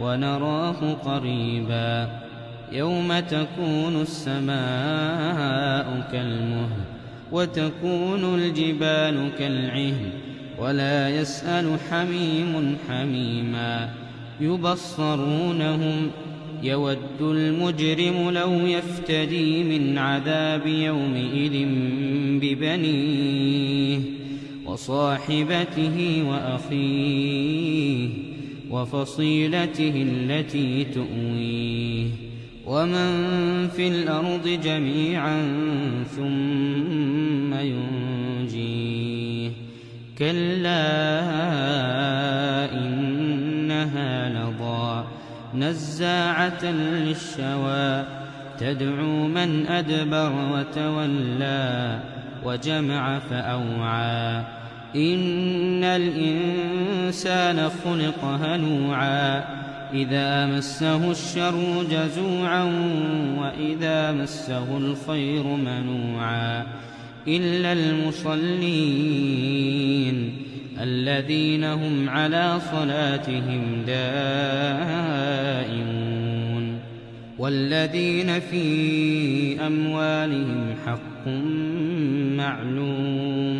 ونراه قريبا يوم تكون السماء كالمهل وتكون الجبال كالعهن ولا يسأل حميم حميما يبصرونهم يود المجرم لو يفتدي من عذاب يومئذ ببنيه وصاحبته وأخيه وفصيلته التي تؤويه ومن في الأرض جميعا ثم ينجيه كلا إنها لضا نزاعة للشوى تدعو من أدبر وتولى وجمع فأوعى إن الإنسان خلق هلوعا إذا مسه الشر جزوعا وإذا مسه الخير منوعا إلا المصلين الذين هم على صلاتهم دائمون والذين في أموالهم حق معلوم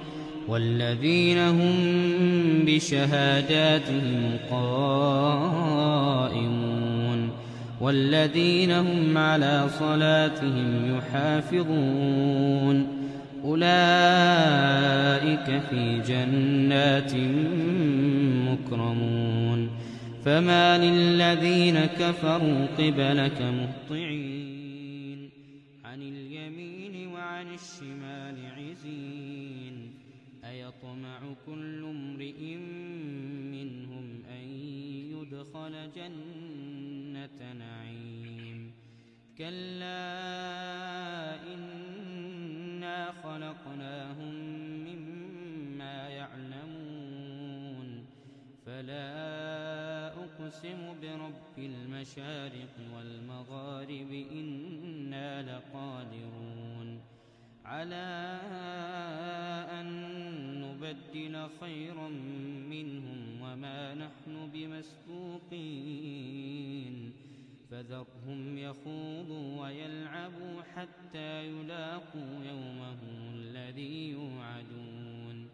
والذين هم بشهاداتهم قائمون والذين هم على صلاتهم يحافظون أولئك في جنات مكرمون فما للذين كفروا قبلك مهطعين كلا إنا خلقناهم مما يعلمون فلا أقسم برب المشارق والمغارب إنا لقادرون على أن نبدل خيرا منهم وما نحن بمسبوقين فذرهم يخوضوا ويلعبوا حتى يلاقوا يومهم الذي يوعدون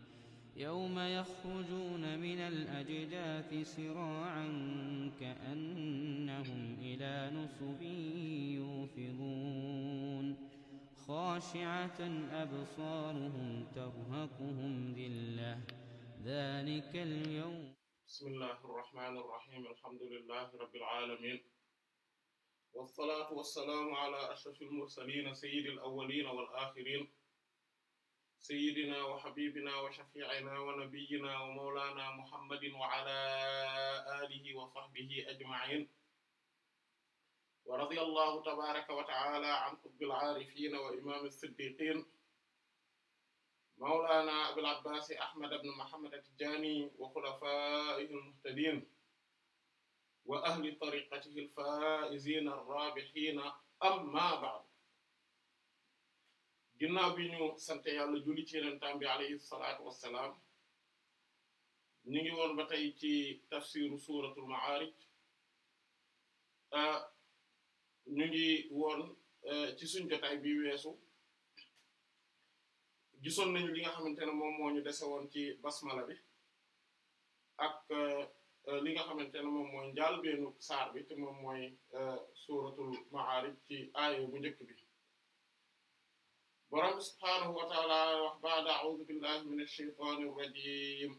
يوم يخرجون من الأجداث سراعا كأنهم إلى نصب يوفضون خاشعة أبصارهم ترهقهم ذلة ذلك اليوم بسم الله الرحمن الرحيم الحمد لله رب العالمين wasalaatu wasalaamu ala ashrafil mursaliina sayyidil awwaliina wal aaxiriina sayyidinaa wa habiibinaa wa shafii'inaa wa nabiyyinaa wa mawlaanaa muhammadin wa ala aalihi wa sahbihi ajma'iin wa radiyallahu tabaaraka wa ta'aalaa an qutbil aarifiina wa imaamil siddiqiin mawlaanaa abil abbaasi ahmad ibn muhammad at-tijaani wa xulafaa'ihil muhtadiin wa ahli tariqatihi al-faa'iziina ar-raabihiina ammaa bi ñu sant yàlla julli ci yenentam bi alayhi salaatu wassalaam ñu ngi woon ba ci tafsiru suuratul ma'aarij ah, ñu ngi woon eh, ci suñ jotaay bi weesu gisoon nañu li nga xamante ne moom mooñu dese woon ci basmala bi ak eh, Euh, li nga xamante ne moom mooy njaalbeenu saar bi te moom mooy euh, suratul ma'arij ci aaya bu njëkk bi borom subhaanahu wa ta'ala wax ba'da a'udhu billahi minash shaytanir rajim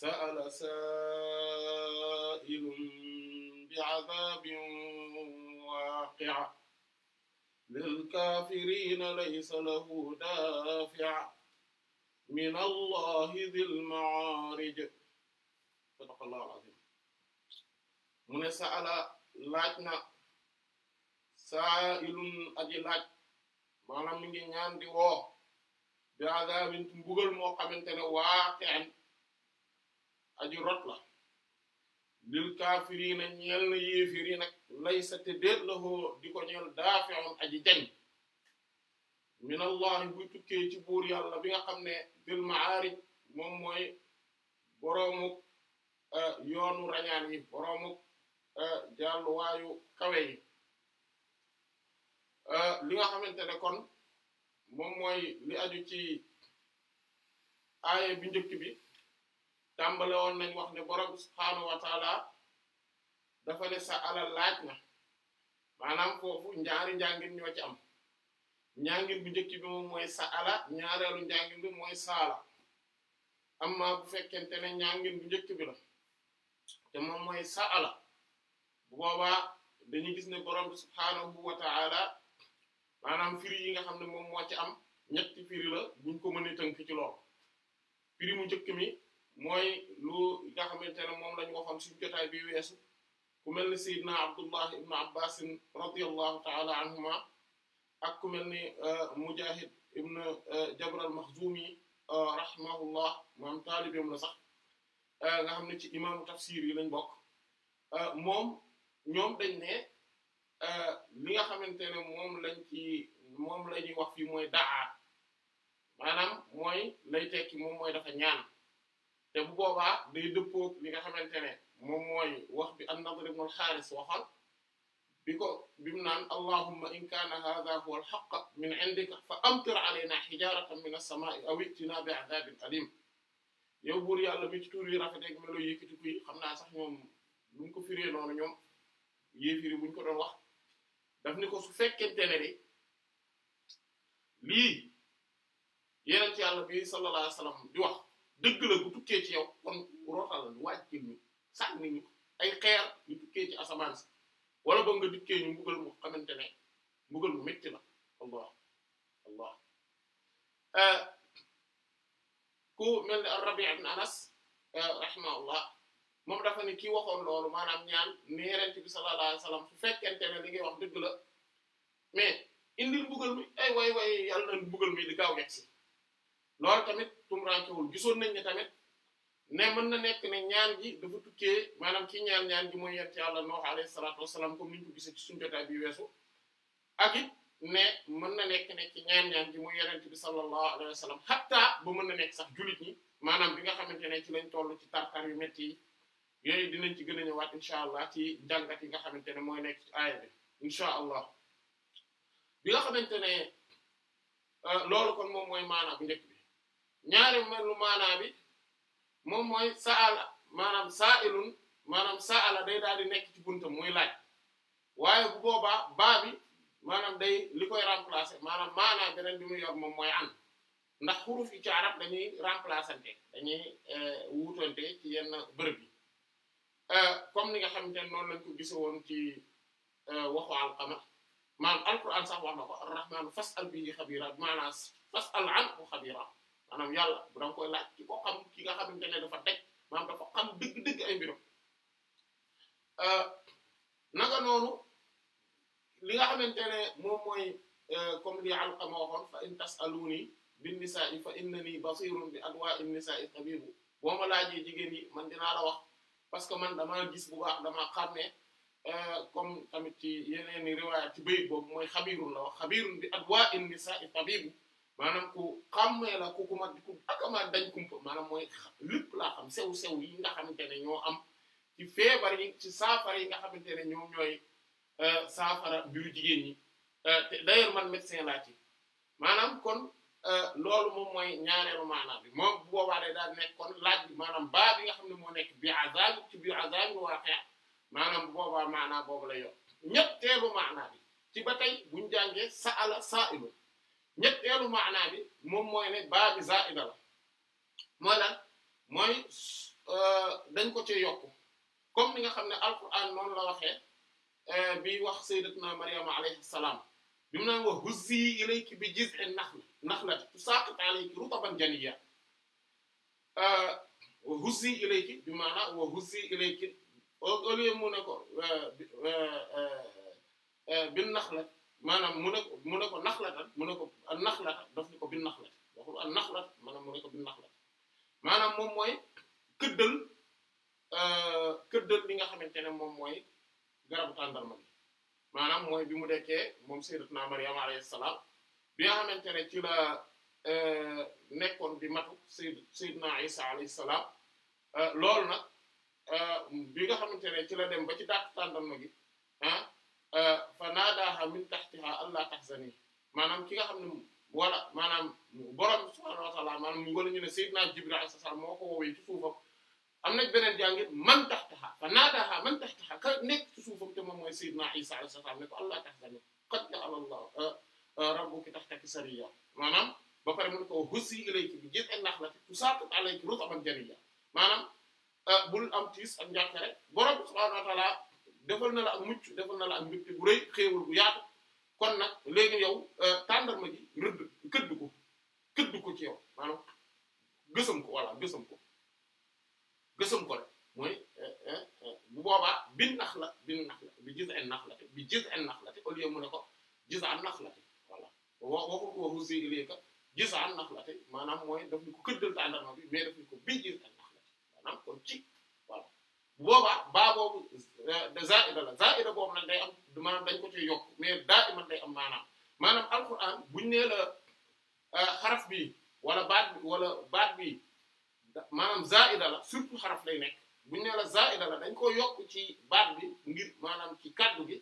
sa'ala sa'ilun bi'adhabin waqi'a lil kafirina laysa lahu dafi' min allahi dhil ma'arij sadaqallahul azim mu ne sa ala laaj na saa ilun aji laaj maanaam mi ngi ñaan di woo bi azabin mbugal moo xamante ne waaqi'an aji rot la lil kaafiriina ñeel na yéefiri nag laysa te déet la di ko ñeel daafi'un aji jañ minallahi buy tukkee ci buur yàlla bi nga xam ne bil ma'aarij moom mooy boroomu yoonu rañaan yi boroomu jàlluwaayu kawe li nga xamante ne kon moom mooy li aju ci aaye bi njëkk bi tàmbale woon nañ wax ne borom subhaanahu wa dafa ne sa alal laaj na maanaam foofu ñaari njàngin ñoo ci am njàngin bu njëkk bi moom mooy sa ala ñaareelu njàngin bi mooy saala amma bu fekkente ne njàngin bu njëkk bi la te moom mooy sa'ala boba boobaa dañuy gis ne borom bi subhaanahu wa ta'ala maanaam firi yi nga xam ne moom moo ci am ñetti firi la buñ ko mënee tënk ci lool mu njëkk mi mooy lu nga xamante ne moom lañu waxoon suñu jotaay bi weesu ku mel ni Seydina Abdullah ibn Abbas radiyallahu ta'ala anhuma ak ku mel ni euh, Mujahid ibn euh, Jabr al-Makhzumi euh, rahimahullah moom la sax Euh, nga xam ne ci imaamu tafsir yi lañ bokk euh, moom ñoom dañ ne euh, li nga xamante ne moom lañ ci moom la ñuy wax fii mooy daa maanaam mooy lay tekki moom mooy dafa ñaan te bu boobaa day dëppoog li nga xamante ne moom mooy wax bi an-Nadr ibn al-Haaris waxal bi ko bimu naan allahumma in kaana hadha huwa al-haqq min indika fa amtir alayna hijaratan min as-samaa'i aw i'tina bi'adhabin alim yow buur yàlla mi ci tuur yi rafet ak melo yëkkati ko yi xam naa sax ñoom buñ ko firee noonu ñoom yéefiri buñ ko doon wax daf ni ko su fekkente ne de lii yeneen ci yàlla bi sallallahu alayhi wasallam di wax dëgg la bu tukkee ci yow kon rootal la wàcc ci ñu sànni ñu ay xeer yu tukkee ci asamaan si wala ba nga dikkee ñu mbugal mu xamante ne mbugal mu métti la allah allah ku mel ni ne ar-Rabi' ibn Anas eh, rahimahullah moom dafa ne kii waxoon loolu maanaam ñaan ne Yonent bi sallallahu alayhi wasallam su fekkente ne li ngay wax dëgg la mais indi mbugal mi ay way way yàlla na mbugal mi di gaaw yegg si loolu tamit tumuraankewul gisoon nañ ne tamit ne mën na nekk ne ñaan gi dafa tukkee maanaam ci ñaan ñaan gi mooy Yonent Yàlla Nuux alayhi salaatu wassalaam comme niñ ko gisee ci suñu jotaay bi weesu ak ne mën na nekk nekk ci ñaan-ñaan ji muy yonent bi sallallahu alayhi wa sallam ba mën na nekk sax jullit ñi maanaam bi nga xamante ne ci lañ toll ci tartar yu métti yi yooyu dinañ ci gën a ñëwaat incha allah ci jàngat yi nga xamante ne mooy nekk ci aaya bi incha allah bi nga xamante ne euh, loolu kon moom mooy maanaa bu njëkk bi ñaari mel lu maanaa bi moom mooy saala maanaam sa'ilun maanaam saala day daal di nekk ci buntam muy laaj waaye bu maanaam day li koy remplacer maanaam maanaam beneen bi muy yor moom mooy an ndax xuruf yi ci arab dañuy remplacante dañuy euh, wuutante ci yenn bërëb yi euh, comme ni nga xam ne noonu lañ ko gise woon ci euh, waxu alqama maanaam alquran sax wax na ko arrahmaanu fas'al bihi xabira maanaam fas'al anhu xabira yàlla bu danga koy laaj ki ko xam ki nga xamante ne dafa teg maanaam dafa xam dëgg-dëgg ay mbiram naka noonu li nga xamante ne moom mooy euh, comme li Alqama waxoon fa in tas'aluni bin bi adwa'i nisa'i tabibu boo ma laajee jigéen yi man dinaa wax parce que man damaa gis bu baax damaa xàmmee euh, comme ci yeneen i riwaayat boob mooy xabiirun la wax xabiirun bi adwa'i nisa'i tabibu maanaam ku xàmmee la ku ku ma ku akamaa dañ kumpa mooy lépp laa xam sew sew yi nga xamante ne ñoo am ci feebar yi ci saafara yi nga xamante ne ñoom ñooy Euh, saafara mbiru jigéen ñi euh, te d'ailleurs man médecin laa ci maanaam kon euh, loolu moom mooy ñaareelu maanaam bi moom bu boobaa daal nekk kon laaj bi maanaam baa bi nga xam ne moo nekk bi azab ci bi azab waaqi' maanaam bu boobaa maanaam boobu la yor ñetteelu maanaam bi ci ba tey buñ jàngee sa'ala sa'ilu ñetteelu maanaam bi moom mooy ne baa bi zaa'ida la mooy lan mooy dañ ko ci yokk comme ni nga xam ne alquran noonu la waxee Euh, bi wax sayyidatuna Maryama alayhi salaam bi mu wa huzzi ilayki bi jiz'i nax nakhlati tusaqit alayki rutaban janiyya euh, wa huzzi ilayki bi maana wa huzzi ilayki au lieu mu ne ko euh, bin nakhla maanaam mu ne ko mu mu ne ko a nakhlata daf ni ko bin nakhlati waxul an nakhlat maanaam mu ne ko bin nakhlati maanaam moom mooy këddal këddal li nga xamante ne moom mooy. garabu tàndarma bi maanaam mooy bi mu dekkee moom sayyidatuna Maryam alayhi salaam bi nga xamante ne ci la euh, nekkoon di matu sayyid sayyidna Isa alayhi salaam euh, loolu nag euh, bi nga xamante ne ci la dem ba ci dàq tàndarma gi ah fa naadaaha min tahtiha allaa tahzani maanaam ki nga xam ne wala maanaam borom subhaanahu wa ta'aala maanaam ñu ne sayyidna Jibril alayhi salaam moo ko woowee ci suufam am nañ beneen jàngit man tahtaha fa naadaha man tahtaha ka nekk ci suufam te moom mooy sayyidna Isa alayhi salaam ne ko allah tahzani qad ja'ala Allah euh, euh, rabbuki tahtaki sariyya maanaam ba pare mu ne ko huzzi ilayki bi jiz'i nakhlati tusaqit alayki rutban janiyya maanaam euh, bul am tiis ak njàkk rek borom subhaanahu wa ta'aala defal na la ak mucc defal na la ak mbégte bu rëy xéewal bu yaatu kon nag léegi yow tàndarma ji rëdd këdd ko këdd ko ci yow maanaam gësam ko voilà gësam ko. gësam ko rek mooy eh, eh, eh, bu boobaa bin nax la bin nax la bi gis en nax la bi gis nax la te mu ne ko gis an nax la te voilà wax waxul ko waxul si gis an nax la maanaam mooy daf ñu ko këddal bi mais daf ñu ko bi gis en nax la maanaam kon ci voilà bu boobaa baa boobu zaida la zaida boobu nag day am maanaam dañ ko mais daa iman day am maanaam maanaam alquran buñu nee la xaraf bi wala baat baat bi maanaam zaida la surtout xaraf lay nekk buñ ne la zaida la dañ koo yokk ci baat bi ngir maanaam ci kaddu gi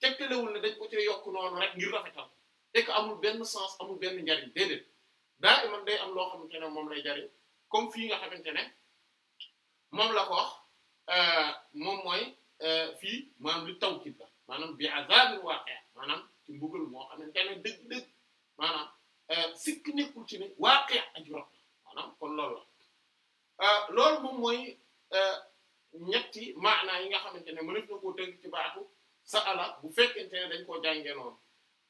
tegtalewul ne dañ ko cee yokk noonu rek ngir rafetal et que amul benn sens amul benn njariñ déedéet daa iman day am loo xamante ne moom lay jariñ comme fii nga xamante ne moom la ko wax euh, moom mooy euh, fii maanaam lu taw la maanaam bi azabin waqi' maanaam ci mbugal moo xamante ne dëgg-dëgg maanaam euh, sikk nekkul ci ne waqi' aju rab maanaam kon loolu la Euh, loolu moom mooy euh, ñetti maanaa yi nga xamante ne mënef na koo tënk ci baatu bu fekkente dañ koo jàngee noonu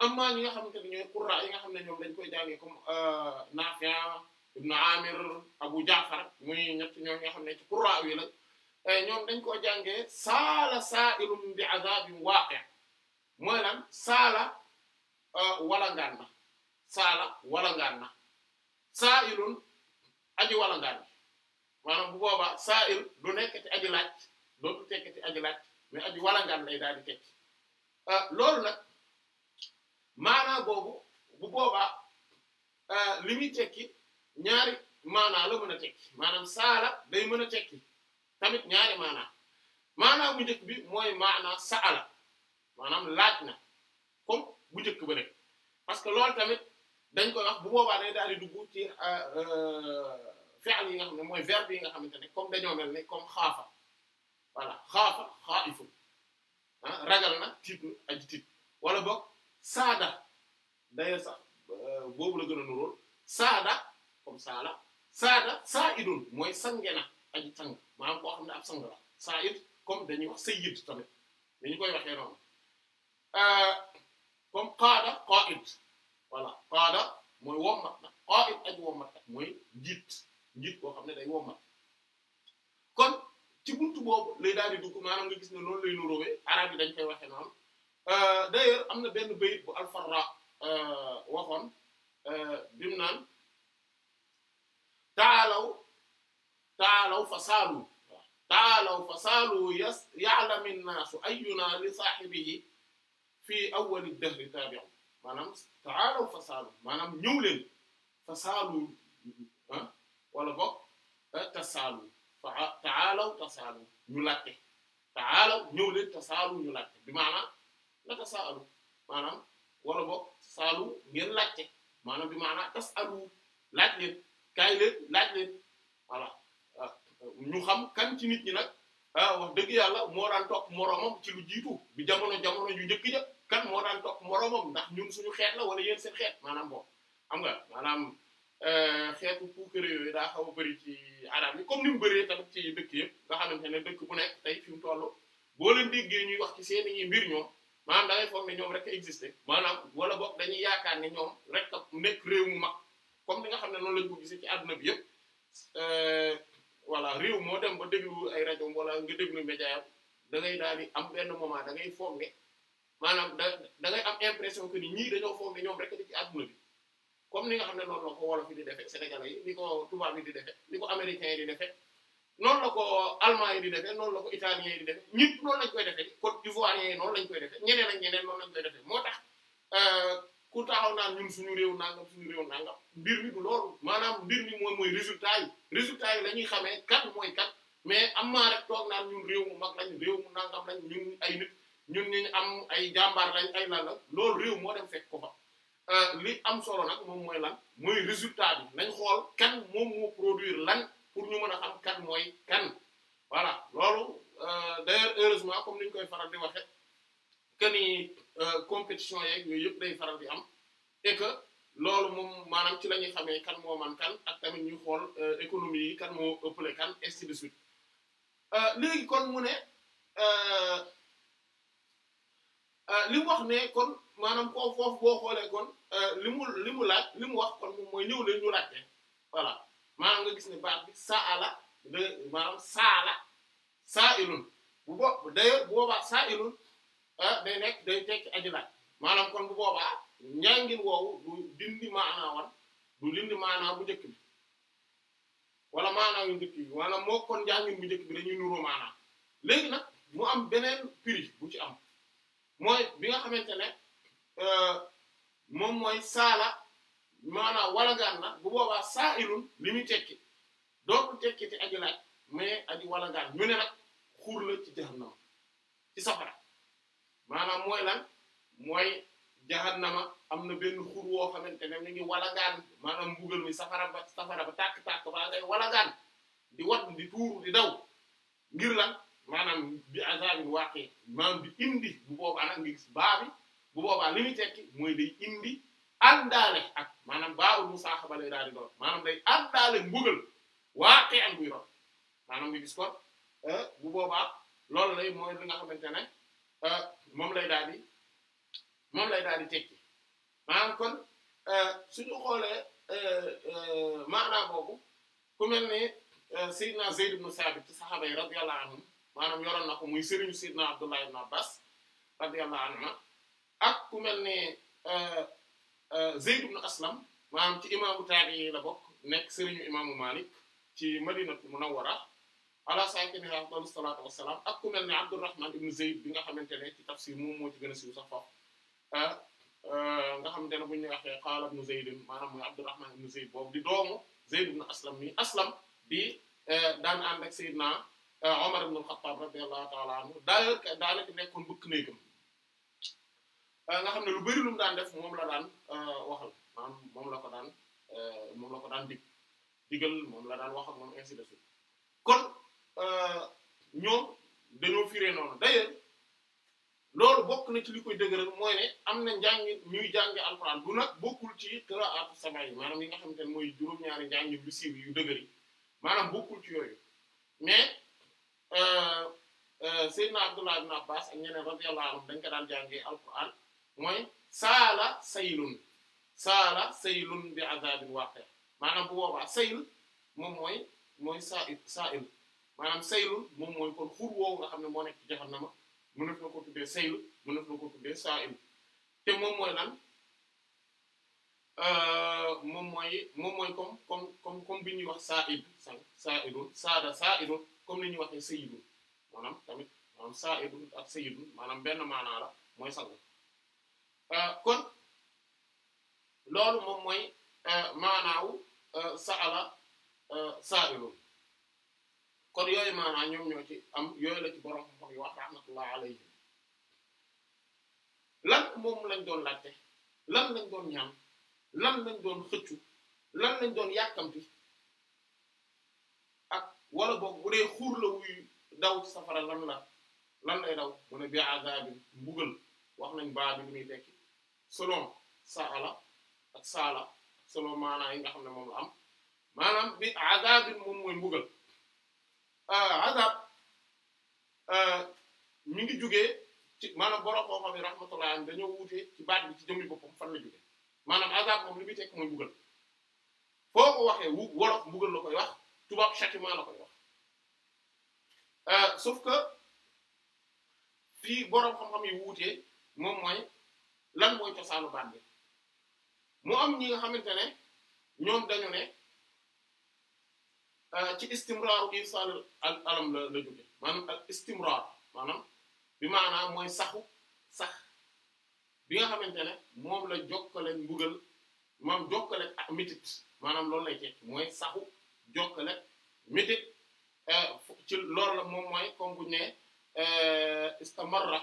amma ñi nga xamante ne ñooy yi nga xam ne ñoom dañ koy jàngee comme euh, Nafi' ibn Amir Abu Ja'far muy ñett ñoo nga xam ne ci qurra wi la ñoom dañ koo jàngee saala sa'ilun bi 'adhabin waqi' mooy lan saala walangaan na saala walangaan na sa'ilun aji walangaan na maanaam bu boobaa sa'il du nekk ci aji laaj dootu tekk ci aji laaj mais lay daal di tekki euh, loolu nag maanaa boobu bu boobaa euh, li muy tekki ñaari maanaa la mën a tekki maanaam saala day mën a tekki tamit ñaari maanaa maanaa bu jëkk bi mooy maanaa saala maanaam laaj na comme bu njëkk ba rek parce que lool tamit dañ koy wax bu boobaa day daal di dugg ci euh, fi'l yi nga xam ne mooy verbe yi nga xamante ne comme dañoo mel ne comme xaafa voilà xaafa xaa'ifu ah, ragal na tiit aji tiit wala boog saada d'ailleurs sax euh, boobu la gën a nuróol saada comme saala saada saa'idun mooy sange na aji sang maanaam koo xam ne ab sang la saa'id comme dañuy wax sayyid tamit dañu koy waxee noonu euh, comme qaada qaa'id voilà mooy wommat na qaa'id aji wommat na mooy jiit njiit koo xam ne day wommat kon ci buntu boobu lay daal di dugg maanaam nga gis ne noonu lay nuróowee arab yi dañ koy waxee noonu euh, d'ailleurs am na benn bayit bu alfarra euh, waxoon euh, bi naan taalaw taalaw fa saalu waaw taalaw fa saalu yas ya'lamu nnaasu li saahibihi fi awwali dahri taabi'un maanaam taalaw fa saalu maanaam ñëw leen fa saalu ah wala boog ah, tasaalu taalaw tasaalu ñu laajte taalaw ñëw leen tasaalu ñu laajte bi maanaam la tasaalu maanaam wala boog tasaalu ngeen laajte maanaam bi maanaam tasaalu laaj leen kaay leen laaj leen ah, ñu xam kan ci nit ñi nag ah, wax dëgg yàlla moo daan topp ci lu jiitu bi jamono jamono yu njëkk ja kan moo daan topp ndax ñun suñu xeet la wala yéen seen xeet maanaam boobu xam nga maanaam. Euh, xeetu puukare yooyu daa xaw a bëri ci arab yi comme ni mu bëree tamit ci dëkk yëpp nga xamante ne dëkk bu nekk tey fi mu toll boo leen déggee ñuy wax ci seen i mbir ñoom maanaam da ngay foog ne rek a maanaam wala boog dañuy yaakaar ne ñoom rek a nekk réew mu mag comme ni nga xam ne noonu lañ ko gisee ci àdduna bi yëpp euh, voilà réew moo dem ba déglu ay rajo wala nga déglu média yam da ngay daal am benn moment da ngay foog ne maanaam da da ngay am impression que ni ñii dañoo foog ne ñoom rek a ci àdduna bi. comme ni nga xam ne noonu la ko wolof yi di defee sénégalais yi ni ko tubaab yi di defee ni ko américains yi di defee noonu la ko allemand yi di defee noonu la ko italien yi di defee ñëpp noonu lañ koy defee Côte moo tax euh, ku taxaw naan ñun suñu réew nangam suñu réew nangam mbir mi maanaam mbir mi mooy mooy résultat yi résultat yi la ñuy xamee kat mooy kat mais am maa rek toog naan ñun réew mu mag lañ réew mu nangam lañ ñun ay nit ñun ñu am ay jàmbaar lañ ay lan la loolu réew moo dem fekk ko Euh, li am solo nag moom mooy lan muy résultat bi nañ xool kan moom moo produire lan pour ñu mën a xam kan mooy kan voilà loolu euh, d'ailleurs heureusement comme ni koy faral di waxe que ni euh, compétition yeeg yooyu yëpp day faral di am et que loolu moom maanaam ci la ñuy xamee kan moo kan ak tamit ñuy xool économie yi kan moo ëpple kan ainsi de suite léegi kon mu ne Euh, li mu wax ne kon maanaam koo foofu boo xoolee kon euh, li mu li mu laaj li mu wax kon moom mooy ñëw leen ñu laajte voilà maanaam nga gis ne baat bi saala de maanaam saala saa ilun bu bopp d'ailleurs bu boobaa saa ilun euh, day nekk day tekki aji laaj maanaam kon bu boobaa njàngin woowu du dindi maanaawan du dindi maanaa bu njëkk bi wala maanaa yu njëkk bi moo kon njàngin bu njëkk bi dañuy nuroo maanaa léegi nag mu am beneen prix bu ci am mooy bi nga xamante ne euh, moom mooy saala maanaam walagaan na bu boobaa saa ilun li muy tekki dootul tekki ci aji laaj mais aji walagaan ñu ne nag xuur la ci jahannama ci safara maanaam mooy lan mooy jahannama am na benn xur woo xamante ne mi ngi walagaan maana mbugal mi safara ba safara ba tàkk-tàkk baa ngay walagaan di wat di tuuru di daw ngir lan maanaam bi azabin waaqi maanaam bi indi bu boobaa nag nga gis bu boobaa li muy tekki mooy day indi àndaale ak maanaam baawul musaaxaba lay daal di doon maanaam day àndaale mbugal waaqi am buy doon maanaam nga gis euh, bu boobaa loolu lay mooy li nga xamante ne euh, moom lay daal moom lay daal di tekki maanaam kon euh, suñu xoolee maanaam boobu ku mel ni Seydina Zayd ibn Sabit ci saxaaba yi radiyallahu anhum maanaam yoroon na ko muy sëriñu Seydina Abdullah ibn Abbas radiyallahu anhu ak ku mel ne euh, euh, Zayd ibn Aslam maanaam ci imaamu taabi'i la bokk nekk sëriñu imaamu Malik ci Madinatu Munawwara ala saakinihaa afdalu salaatu wassalaam ak ku mel ne Abdurrahman ibn Zayd bi nga xamante ne ci tafsir moom moo ci gën a siiw sax foofu euh, nga xamante ne bu ñu waxee qaala ibn Zayd maanaam muy Abdurrahman ibn Zayd boobu di doomu Zayd ibn Aslam mi Aslam di daan ànd ak Euh, Omar ibn al-Khattab radiyallahu ta'ala anhu daa daanaka nekkoon bëkk néegam euh, nga xam ne lu bari lu mu daan def moom la daan euh, waxal maanaam moom la ko daan moom la ko daan dig digal moom la daan wax ak moom ainsi de suite kon ñoom dañoo firee noonu d'ailleurs loolu bokk na ci li koy dëgëral mooy ne am na njàngi ñuy jàngi alxuraan bu nag bokkul ci qiraatu sama yi maanaam yi nga xamante ne mooy juróom-ñaari njàngi lu siiw yu dëgër yi maanaam bokkul ci yooyu mais Euh, euh, Seydina Abdullah ibn Abbas ak ñeneen radiyallahu anhum dañ ko daan jàngee alquran mooy saala saylun saala saylun bi azabin waqi maanaam bu boobaa sayl moom mooy mooy saa sa'il maanaam saylu moom mooy kon xur woowu nga xam ne moo nekk ci jahannama mënef na ko tuddee saylu mënef na ko tuddee sa'il te moom mooy lan euh, moom mooy moom mooy comme comme comme comme bi ñuy wax sa'id sa sa'idun saada sa'idun comme ni ñuy waxee sayyidun maanaam tamit maanaam sa'idun ak sayyidun maanaam benn maanaa la mooy sangu euh, kon loolu moom mooy euh, maanaawu euh, sa'ala sa'ilun kon yooyu maanaa ñoom ñoo ci am yooyu la ci borom xam-xam yi wax rahmatullah alayhim lan moom lañ doon laajte lan lañ doon ñaan lan lañ doon xëccu lan lañ doon yàkkamti wala boog bu dee xuur la wuy daw safara lan la lan lay daw mu ne bi azabi mbugal wax nañ baa bi li muy tekki selon saala ak saala selon maanaa yi nga xam ne moom la am maanaam bi azabi moom mooy mbugal ah, azab ah, mi ngi jugee ci maanaam borom koo xam ne rahmatullah dañoo wuute ci baat bi ci jëmmi boppam fan la jugee maanaam azab moom li muy tekki mooy mbugal foo ko waxee wu wolof mbugal la koy wax tubaab châtiment la koy wax Euh, sauf que fii boroom xam-xam yi wuutee moom mooy lan mooy cosaanu baat mu am ñi nga xamante ne ñoom dañu ne euh, ci istimraaru isaal al alam la la maanaam ak istimraar maanaam bi maanaam mooy saxu sax bi nga xamante ne moom la jokkale mbugal moom jokkale ak métit maanaam loolu lay tekki mooy saxu jokkale métit Euh, ci loolu la moom mooy comme bu ñu nee euh, istamarra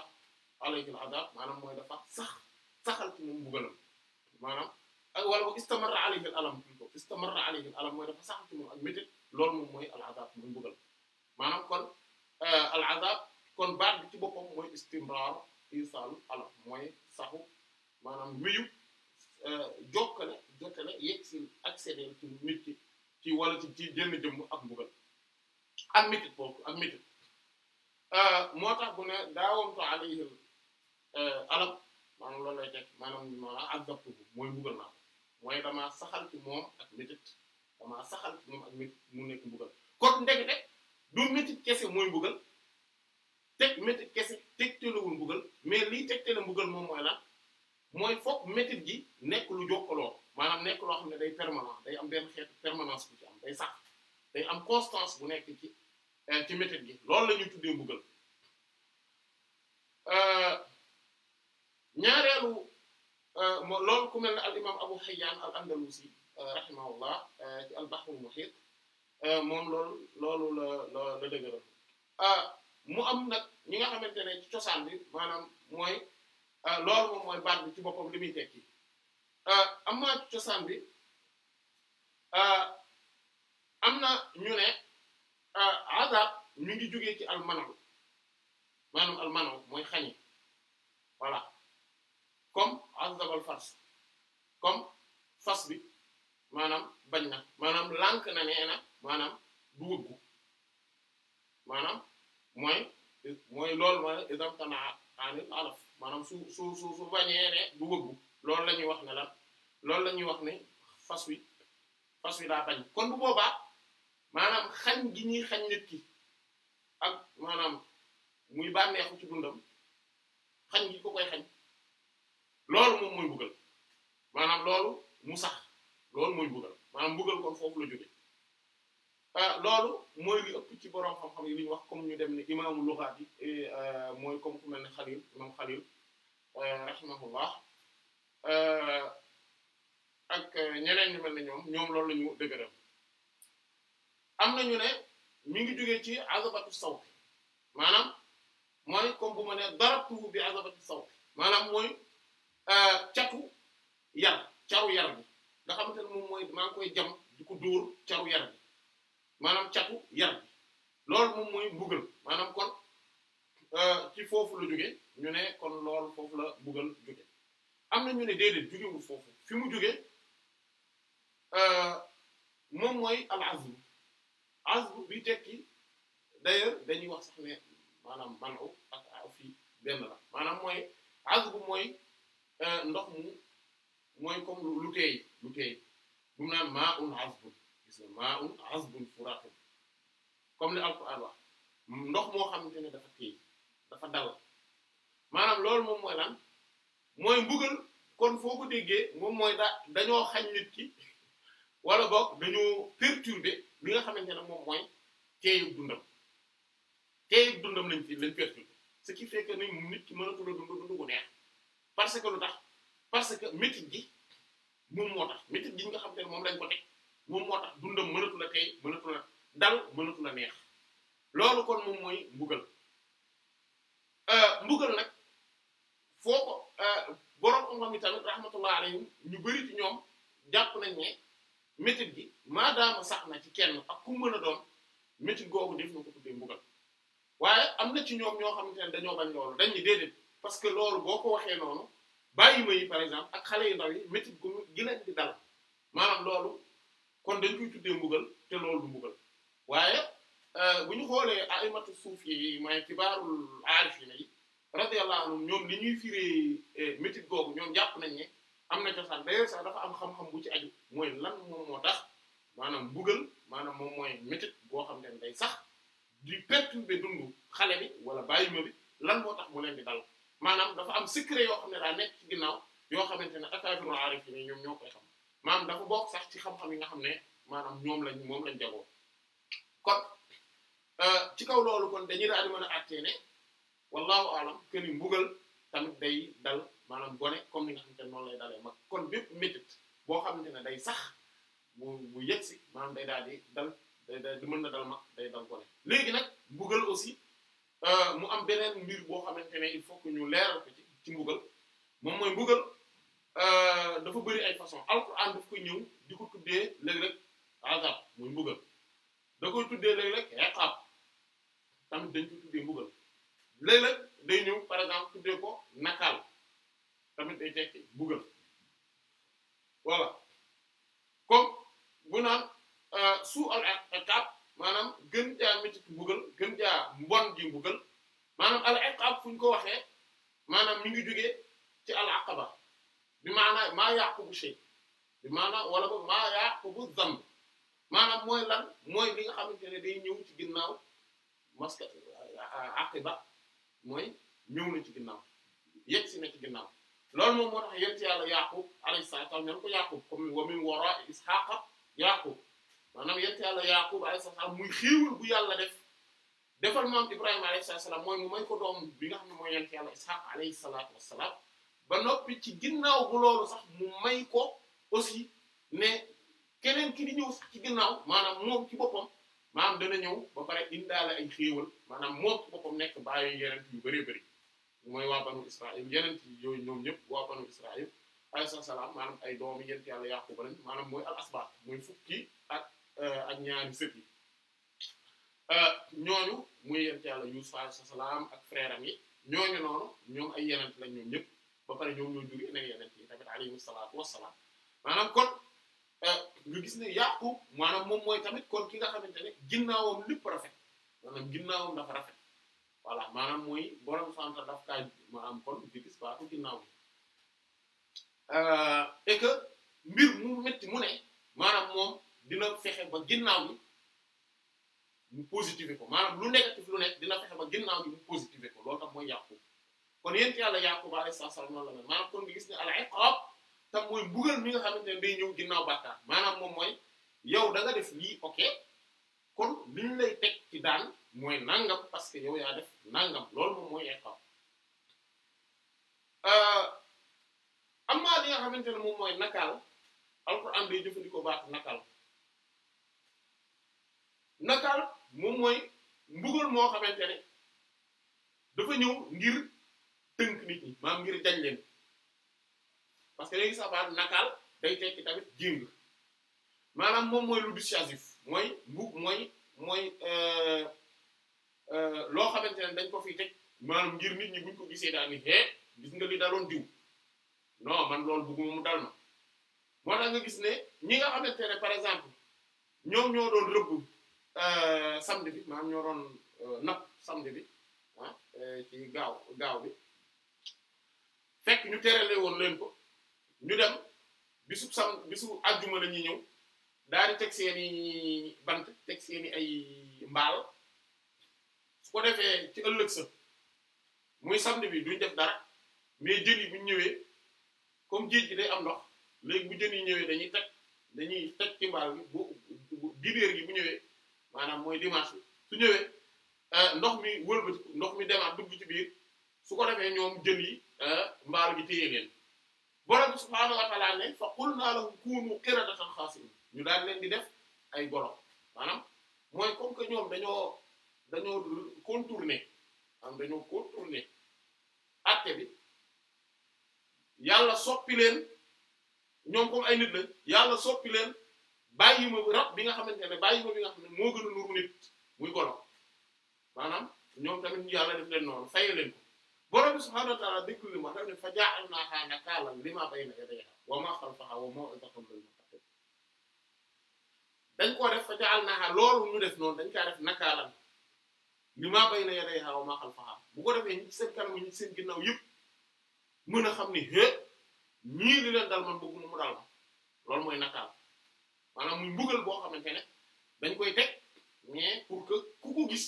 alayhil adab maanaam mooy dafa sax saxal ci moom mbugalam maanaam ak wala bu istamarra alayhil alam plutôt istamarra mooy dafa saxal ci moom ak métit loolu moom mooy al adab mooy maanaam kon euh, al kon baat bi ci boppam mooy istimrar isaalu alam mooy saxu maanaam wéyu jokkale jottale yegg si accéder ci nit ki ci wala ci ci jëmm ak mbugal ak métit boobu ak métit euh, moo tax bu ne daawamtu alayhim euh, alab maanaam loolu lay teg maanaam maanaam ak dapp bu mooy mbugal naa mooy damaa saxal ci moom ak métit mu nekk mbugal kon ndekete du métit kese mooy mbugal teg métit kese tegtalewul mbugal mais lii tegtale mbugal moom mooy la mooy foog métit gi nekk lu jokkaloo maanaam nekk loo xam ne day permanent day am benn xeet permanence bu ci am day sax day am constance bu nekk ci Eh, ci métit gi loolu lañuy ñuy tuddee mbugal eh, ñaareelu eh, loolu ku mel ne al imam Abu Hayyan al Andalusi rahimahullah ci al Bahrul Muhit moom loolu la la la mu am nag ñi nga xamante ne ci cosaan bi maanaam mooy loolu moom mooy baat bi ci boppam li muy tekki am naa ci cosaan bi am na ñu ne Ah, azab ñu ngi jógee ci almanaw maanaam almanaw mooy xañe voilà kom azabal fas kom fas bi maanaam bañ na maanaam lànk na nee na maanaam du wëggu maanaam mooy mooy loolu ma isam tana alaf maanaam su su su bañee ne du wëggu loolu la ñuy wax ne la loolu la ñuy wax ne fas wi fas wi daa bañ kon bu boobaa maanaam xañ gi ñuy xañ nit ki ak maanaam muy bànneexu ci dundam xañ gi ko koy xañ loolu moom mooy mbugal maanaam loolu mu sax loolu mooy mbugal maanaam mbugal kon foofu la jóge euh, loolu mooy li ëpp ci borom xam-xam yi li wax comme ñu dem ne imaamu luxaat yi euh, mooy comme ku mel ne xalil imam xalil euh, rahimahullah ak ñeneen ñu mel ne ñoom ñoom loolu la ñu dëgëral am na ñu ne ñu ngi jógee ci azabatu saw maanaam mooy comme bu ma ne darabtuhu bi azabatu saw euh, catu yar caru yar bi nga xamante ne moom mooy maa ngi koy jam du ko dóor caru yar bi maanaam catu yar bi loolu moom mooy mbugal maanaam kon euh, ci foofu la jóge ñu ne kon lool foofu la mbugal jóge am na ñu ne déedéet jógewul foofu fi mu jóge euh, moom mooy al azbu bi tekki d'ailleurs dañuy wax sax ne maanaam manu ak fii benn la maanaam mooy azbu mooy euh, ndox mu mooy comme lu teey lu teey bu naan maa un azbun gis nga maa un azbun furatun li alquran ndox moo xamante ne dafa teey dafa dal maanaam loolu moom mooy lan mooy mbugal kon foo ko déggee moom mooy da dañoo xañ nit ki wala boog dañoo perturber li nga xamante ne moom mooy teeyub dundam teeyub dundam lañ ci lañ perturbé ce qui fait que ni nit ki mënatul a dund dund neex parce que lu tax parce que métit gi moom moo tax métit gi nga xam ne moom lañ ko teg moom moo tax dundam mënatul a teey mënatul a dal mënatul a neex loolu kon moom mooy mbugal euh, mbugal nag foo ko euh, borom xam yi tamit rahmatullah alayhim ñu bari ñoom jàpp nañ ne. métit gi maadaama sax na ci kenn ak ku mën a doon métit googu def na ko tuddee mbugal waaye am na ci ñoom ñoo xamante ne dañoo bañ loolu dañ ñu déedéet parce que loolu boo ko waxee noonu bàyyi ma yi par exemple ak xale yu ndaw yi métit gu gi leen di dal maanaam loolu kon dañ koy tuddee mbugal te loolu du mbugal waaye euh, bu ñu xoolee aimatu suuf yi may kibaarul aarifina yi radiyallahu anhum ñoom li ñuy firee euh, métit googu ñoom jàpp nañ ne am na cosaan d'ailleurs sax dafa am xam-xam bu ci aju mooy lan moom moo tax maanaam bugal maanaam moom mooy métit boo xam ne day sax di perturber dundu xale bi wala bàyyi ma bi lan moo tax mu leen di dal maanaam dafa am secret yoo xam ne daa nekk ci ginnaaw yoo xamante ne akaabiru aarifiin ñoom ñoo koy xam maanaam dafa bokk sax ci xam-xam yi nga xam ne maanaam ñoom lañ moom lañ jagoo kon euh, ci kaw loolu kon dañuy daal di mën a àttee ne wallahu alam ken mbugal tamit day dal maanaam gone comme ni nga xamante ne noonu lay dalee mag kon bépp métit boo xam ne day sax mu bu yegg si maanaam day daal di dal day daal di mën na dal ma day dal gone léegi nag mbugal aussi euh, mu am beneen mbir boo xamante ne il faut que ñu leeral ko ci ci mbugal moom mooy mbugal euh, dafa bëri ay façon alquran daf koy ñëw di ko tuddee léeg-léeg azab muy mbugal da koy tuddee léeg dañ koy tuddee ñëw par exemple tuddee ko nakal tamit day tekki buggal voilà comme bu naan euh, suu al iqaab maanaam gën jaa métit buggal gën jaa mbon ji buggal maanaam al iqaab fu ñu ko waxee maanaam mi ngi jógee ci al aqaba bi maanaa maa yaqubu shay bi maanaam maanaam mooy lan mooy li nga xamante ne day ñëw ci ginnaaw maska euh, aqiba mooy ñëw na ci ginnaaw yegg si na ci ginnaaw loolu moom moo tax yent yàlla yaqub alayhi salaatu wasallam ñan ko yaqub comme wa min wara'i ishaqa yaqub maanaam yent yàlla yaqub alayhi salaam muy xéewal bu yàlla def defar moom ibrahima alayhi salaam mooy mu ko doom bi nga xam ne mooy yent yàlla ishaq alayhi salaatu wassalaam ba noppi ci ginnaaw bu loolu sax mu may ko aussi ne keneen ki di ñëw sax ci ginnaaw maanaam moom ci boppam maanaam dana ñëw ba pare indaale ay xéewal maanaam moom ci boppam nekk bàyyi yeneen yu bëree bëri mooy waa banu Israël yeneen yooyu ñoom ñëpp waa banu Israël alayhi salaam maanaam ay doomi yent yàlla Yaquba lañ maanaam mooy al asbaat mooy fukki ak euh, ak ñaari sët yi euh, ñooñu muy yent yàlla Yuusuf alayhi salaam ak frère am yi ñooñu noonu ñoom ay yeneen lañ ñoom ñëpp ba pare ñoom ñoo juri yeneen yeneen yi tamit alayhi salaatu wassalaam maanaam kon euh, nga gis ne Yaqub maanaam moom mooy tamit kon ki nga xamante ne ginnaawam lépp rafet maanaam ginnaawam dafa voilà maanaam mooy borom sant daf kaay maanaam kon bi gis baatu ginnaaw bi euh, et que mbir mu métti mu ne maanaam moom dina fexe ba ginnaaw bi mu positiver ko maanaam lu nekk dina fexe ba ginnaaw bi mu positiver ko loolu tax mooy yàqu kon yéen yàlla Yaqub alayhi salaam la mel maanaam kon bi gis ne al iqab tam mooy mbugal mi nga xamante ne day ñëw ginnaaw bàkkaar maanaam moom mooy yow da nga def lii ok kon li ñu lay teg ci daan mooy nangam parce que yow yaa def nangam loolu moom mooy iqaab euh, amma li nga xamante ne moom mooy nakaal alquran day jëfandikoo baatu nakaal nakaal moom mooy mbugal moo xamante ne dafa ñëw ngir tënk nit ñi maam ngir jañ leen parce que léegi sax baat nakaal day tekki tamit jéng maanaam moom mooy lu dissuasif mooy mbu mooy mooy euh, Euh, loo xamante ne dañ ko fi teg maanaam ngir nit ñi buñ ko gisee daal ni hee gis nga li daloon diw non man loolu bëgguma mu dal ma moo tax nga gis ne ñi nga xamante ne par exemple ñoom ñoo doon rëbb euh, samedi bi maanaam ñoo doon euh, napp samedi bi ah ci gaaw gaaw bi fekk ñu terale woon leen ko ñu dem bisu sam bisu àjjuma la ñuy ñëw daal teg seeni bant teg seeni ay mbaal ko defee ci ëllëg sa muy samedi bi duñ def dara mais jën yi buñ ñëwee comme géej gi day am ndox léegi bu jën yi ñëwee dañuy teg dañuy teg ci mbaal bi bu dibéer gi bu ñëwee maanaam mooy dimanche bi su ñëwee euh, ndox mi wëlbati ndox mi demaat dugg ci biir su ko defee ñoom jën yi euh, mbaal bi téye leen borom subhaanahu wa ta'aala ne fa qulnaa lahum kuunuu qiradatan xaasi'iin ñu daal leen di def ay golo maanaam mooy comme que ñoom dañoo dañoo contourner am dañoo contourner àtte bi yàlla soppi leen ñoom comme ay nit lañ yàlla soppi leen bàyyi ma rab bi nga xamante ne bàyyi ma bi nga xam ne moo gën a nit muy golo maanaam ñoom tamit ñu yàlla def leen noonu faye leen ko borom bi subhaanahu wa ta'aala déglu li mu wax daf ne fa ja'alnaahaa nakaalan limaa bayna dañ koo def fa ja'alnaahaa loolu ñu def noonu dañ kaa def nakaalan li maa bay na yadayha wa maa xalfaha bu ko defee ñi ci seen kanam ñi ci seen ginnaaw yëpp mën a xam ni é ñii li leen man bëgguma mu loolu mooy nataal maanaam muy mbugal boo xamante ne dañ koy teg mais pour ku ko gis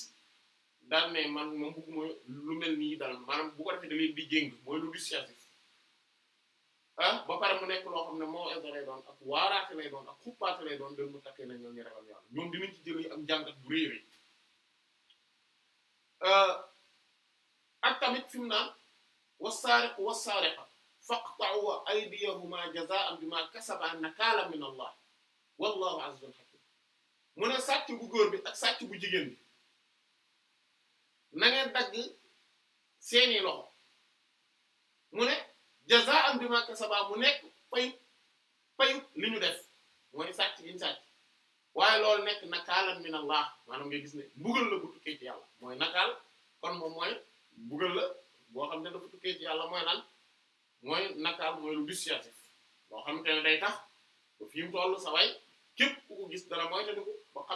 daal ne man moom bëgguma lu mel nii dal maanaam bu ko defee da leen di jéng mooy lu dissuasif ah ba pare mu nekk loo xam ne moo esa lay doon ak waaraate lay doon ak xuppaate lay doon dén takkee na ñoom ñu ragal yàlla ñoom dinañ ci jëlee ak jàngat bu réeré Euh, ak tamit fi mu naan wassaariqu wassaariqa faqta'u aydiyahumaa jazaa'an bimaa kasabaa nakaalan min allah wallahu azizun hakim mu ne sàcc bu góor bi ak sàcc bu jigéen bi na ngeen dagg seeni loxo mu ne jazaa'an bimaa kasabaa mu nekk pay pay li ñu def mooy sàcc gi ñu sàcc waaye loolu nekk nakaalan min allah maanaam ngay gis ne mbugal la bu tukkee yàlla mooy nakaal kon moom mooy mbugal la boo xam ne dafa tukkee ci yàlla mooy lan mooy nakaal boo xam te ne day tax ba fi mu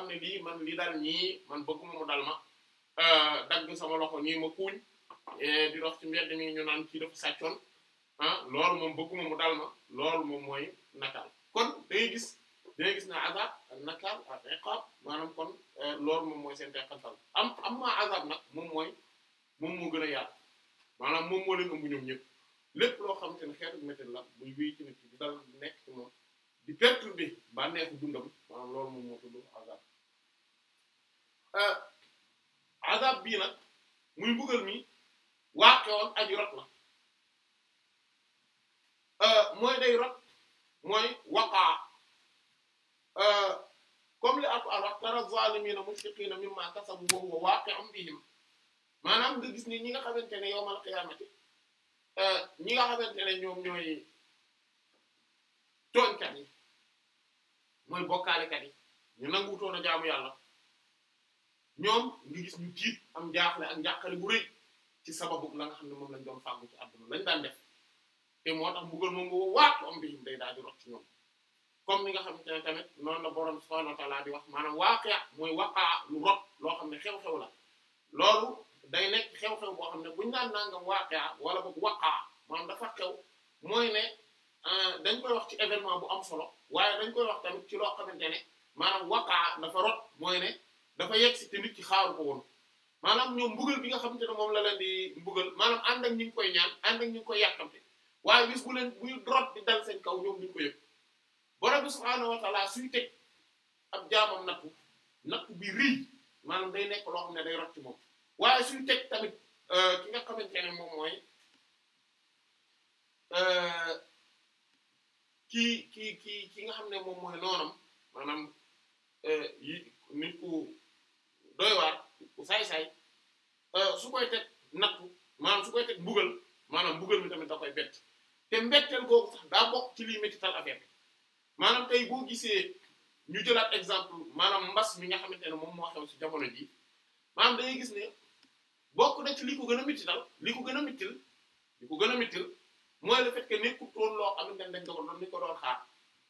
ne lii man li daal ñii man bëgguma mu dal ma euh, dagg sama loxo nii ma kuuñ eh, di dox ci mbedd mi ñu naan kii dafa sàccoon ah, loolu moom bëgguma mu dal ma loolu moom mooy nakaal kon day gis dangay gis ne azab ak nakaal ak iqaab maanaam kon euh, loolu moom mooy seen teqantal am am maa azab nag moom mooy moom moo gën a yaatu maanaam moom moo leen ëmb ñoom ñëpp lépp loo xam te ne xeetu la muy wéy ci nit dal nekk moom di perturbé ba nekk dundam maanaam loolu moom moo tudd azab euh, azab bii nag muy mbugal mi waaqe woon aji rot la euh, mooy day rot mooy waqaa Euh, comme li Alxuraan wax tara zaalimiina mushfiqiina mimmaa kasabu wa huwa waaqi'un bihim maanaam nga gis ni ñi nga xamante ne yawmal qiyaamati euh, ñi nga xamante ne ñoom ñooy tooñkat yi mooy bokkaalekat yi ñu nanguwutoon a jaamu yàlla ñoom nga gis ñu tiit am jaaxle ak njàqale bu rëy ci sababu la nga xam ne moom lañ doon fàggu ci àdduna lañ daan def te moo tax mbugal moom nga waatu am bihim day daal di rot ci ñoom comme ni nga xamante ne tamit noonu la borom subhanahu a ta'ala di wax maanaam waaqia mooy waqaa lu rot loo xam ne xew-xew la loolu day nekk xew-xew boo xam ne buñu naan nangam waaqia wala boog waqaa maanaam dafa xew mooy ne euh, dañ koy wax ci événement bu am solo waaye dañ koy wax tamit ci loo xamante ne maanaam waqaa dafa rot mooy ne dafa yegg si te nit ki xaaru ko woon maanaam ñoom mbugal bi nga xamante ne moom la leen di mbugal maanaam ànd ak ñu ngi koy ñaan ànd ñu ngi koy yàkkamte waaye bis bu leen buy rot di dal seen kaw ñoom ñu ko yëg borom bi subhaanahu wa taala suy teg ab jaamam nattu nattu bi rëy maanaam day nekk loo xam ne day rocc moom waaye suy teg tamit euh, ki nga xamante ne moom mooy euh, ki ki ki ki nga xam ne moom mooy noonam maanaam euh, doy waar ku saay-saay su koy teg nattu maanaam su koy teg mbugal maanaam mbugal mi tamit da koy bett te mbetteel googu sax daa bokk ci liy métital affaire bi tey boo gisee ñu jëlaat exemple maanaam mbas mi nga xamante ne moom moo xew si jamono ji maanaam day gis ne bokk de ci li ko gën a mitidal li ko gën a mitil li ko gën a mitil mooy le fait que nekkul woon loo xamante ne dañ ko doon ni ko doon xaar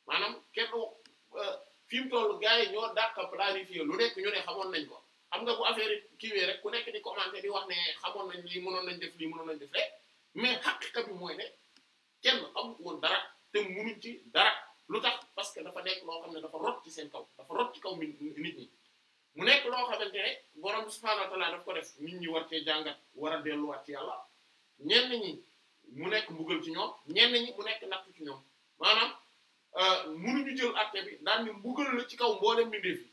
maanaam kenn euh, fi mu toll gars yi ñoo dàq planifier lu nekk ñu ne xamoon nañ ko xam nga bu affaire kiiwee rek ku nekk di commenter di wax ne xamoon nañ lii mënoon nañ def lii mënoon nañ def rek mais xaqiqa bi mooy ne kenn xamut woon dara te munuñ ci dara lu tax parce que dafa nekk loo xam ne dafa rot ci seen kaw dafa rot ci kaw nit ñi mu nekk loo xamante ne borom subhaanahu wa ta'aala daf ko def nit ñi war cee jàngat war a delluwaat ci yàlla ñenn ñi mu nekk mbugal ci ñoom ñenn ñi mu nekk natt ci ñoom maanaam euh, mënuñu jël àtte bi daan ne mbugal ci kaw mboolem mbindeef yi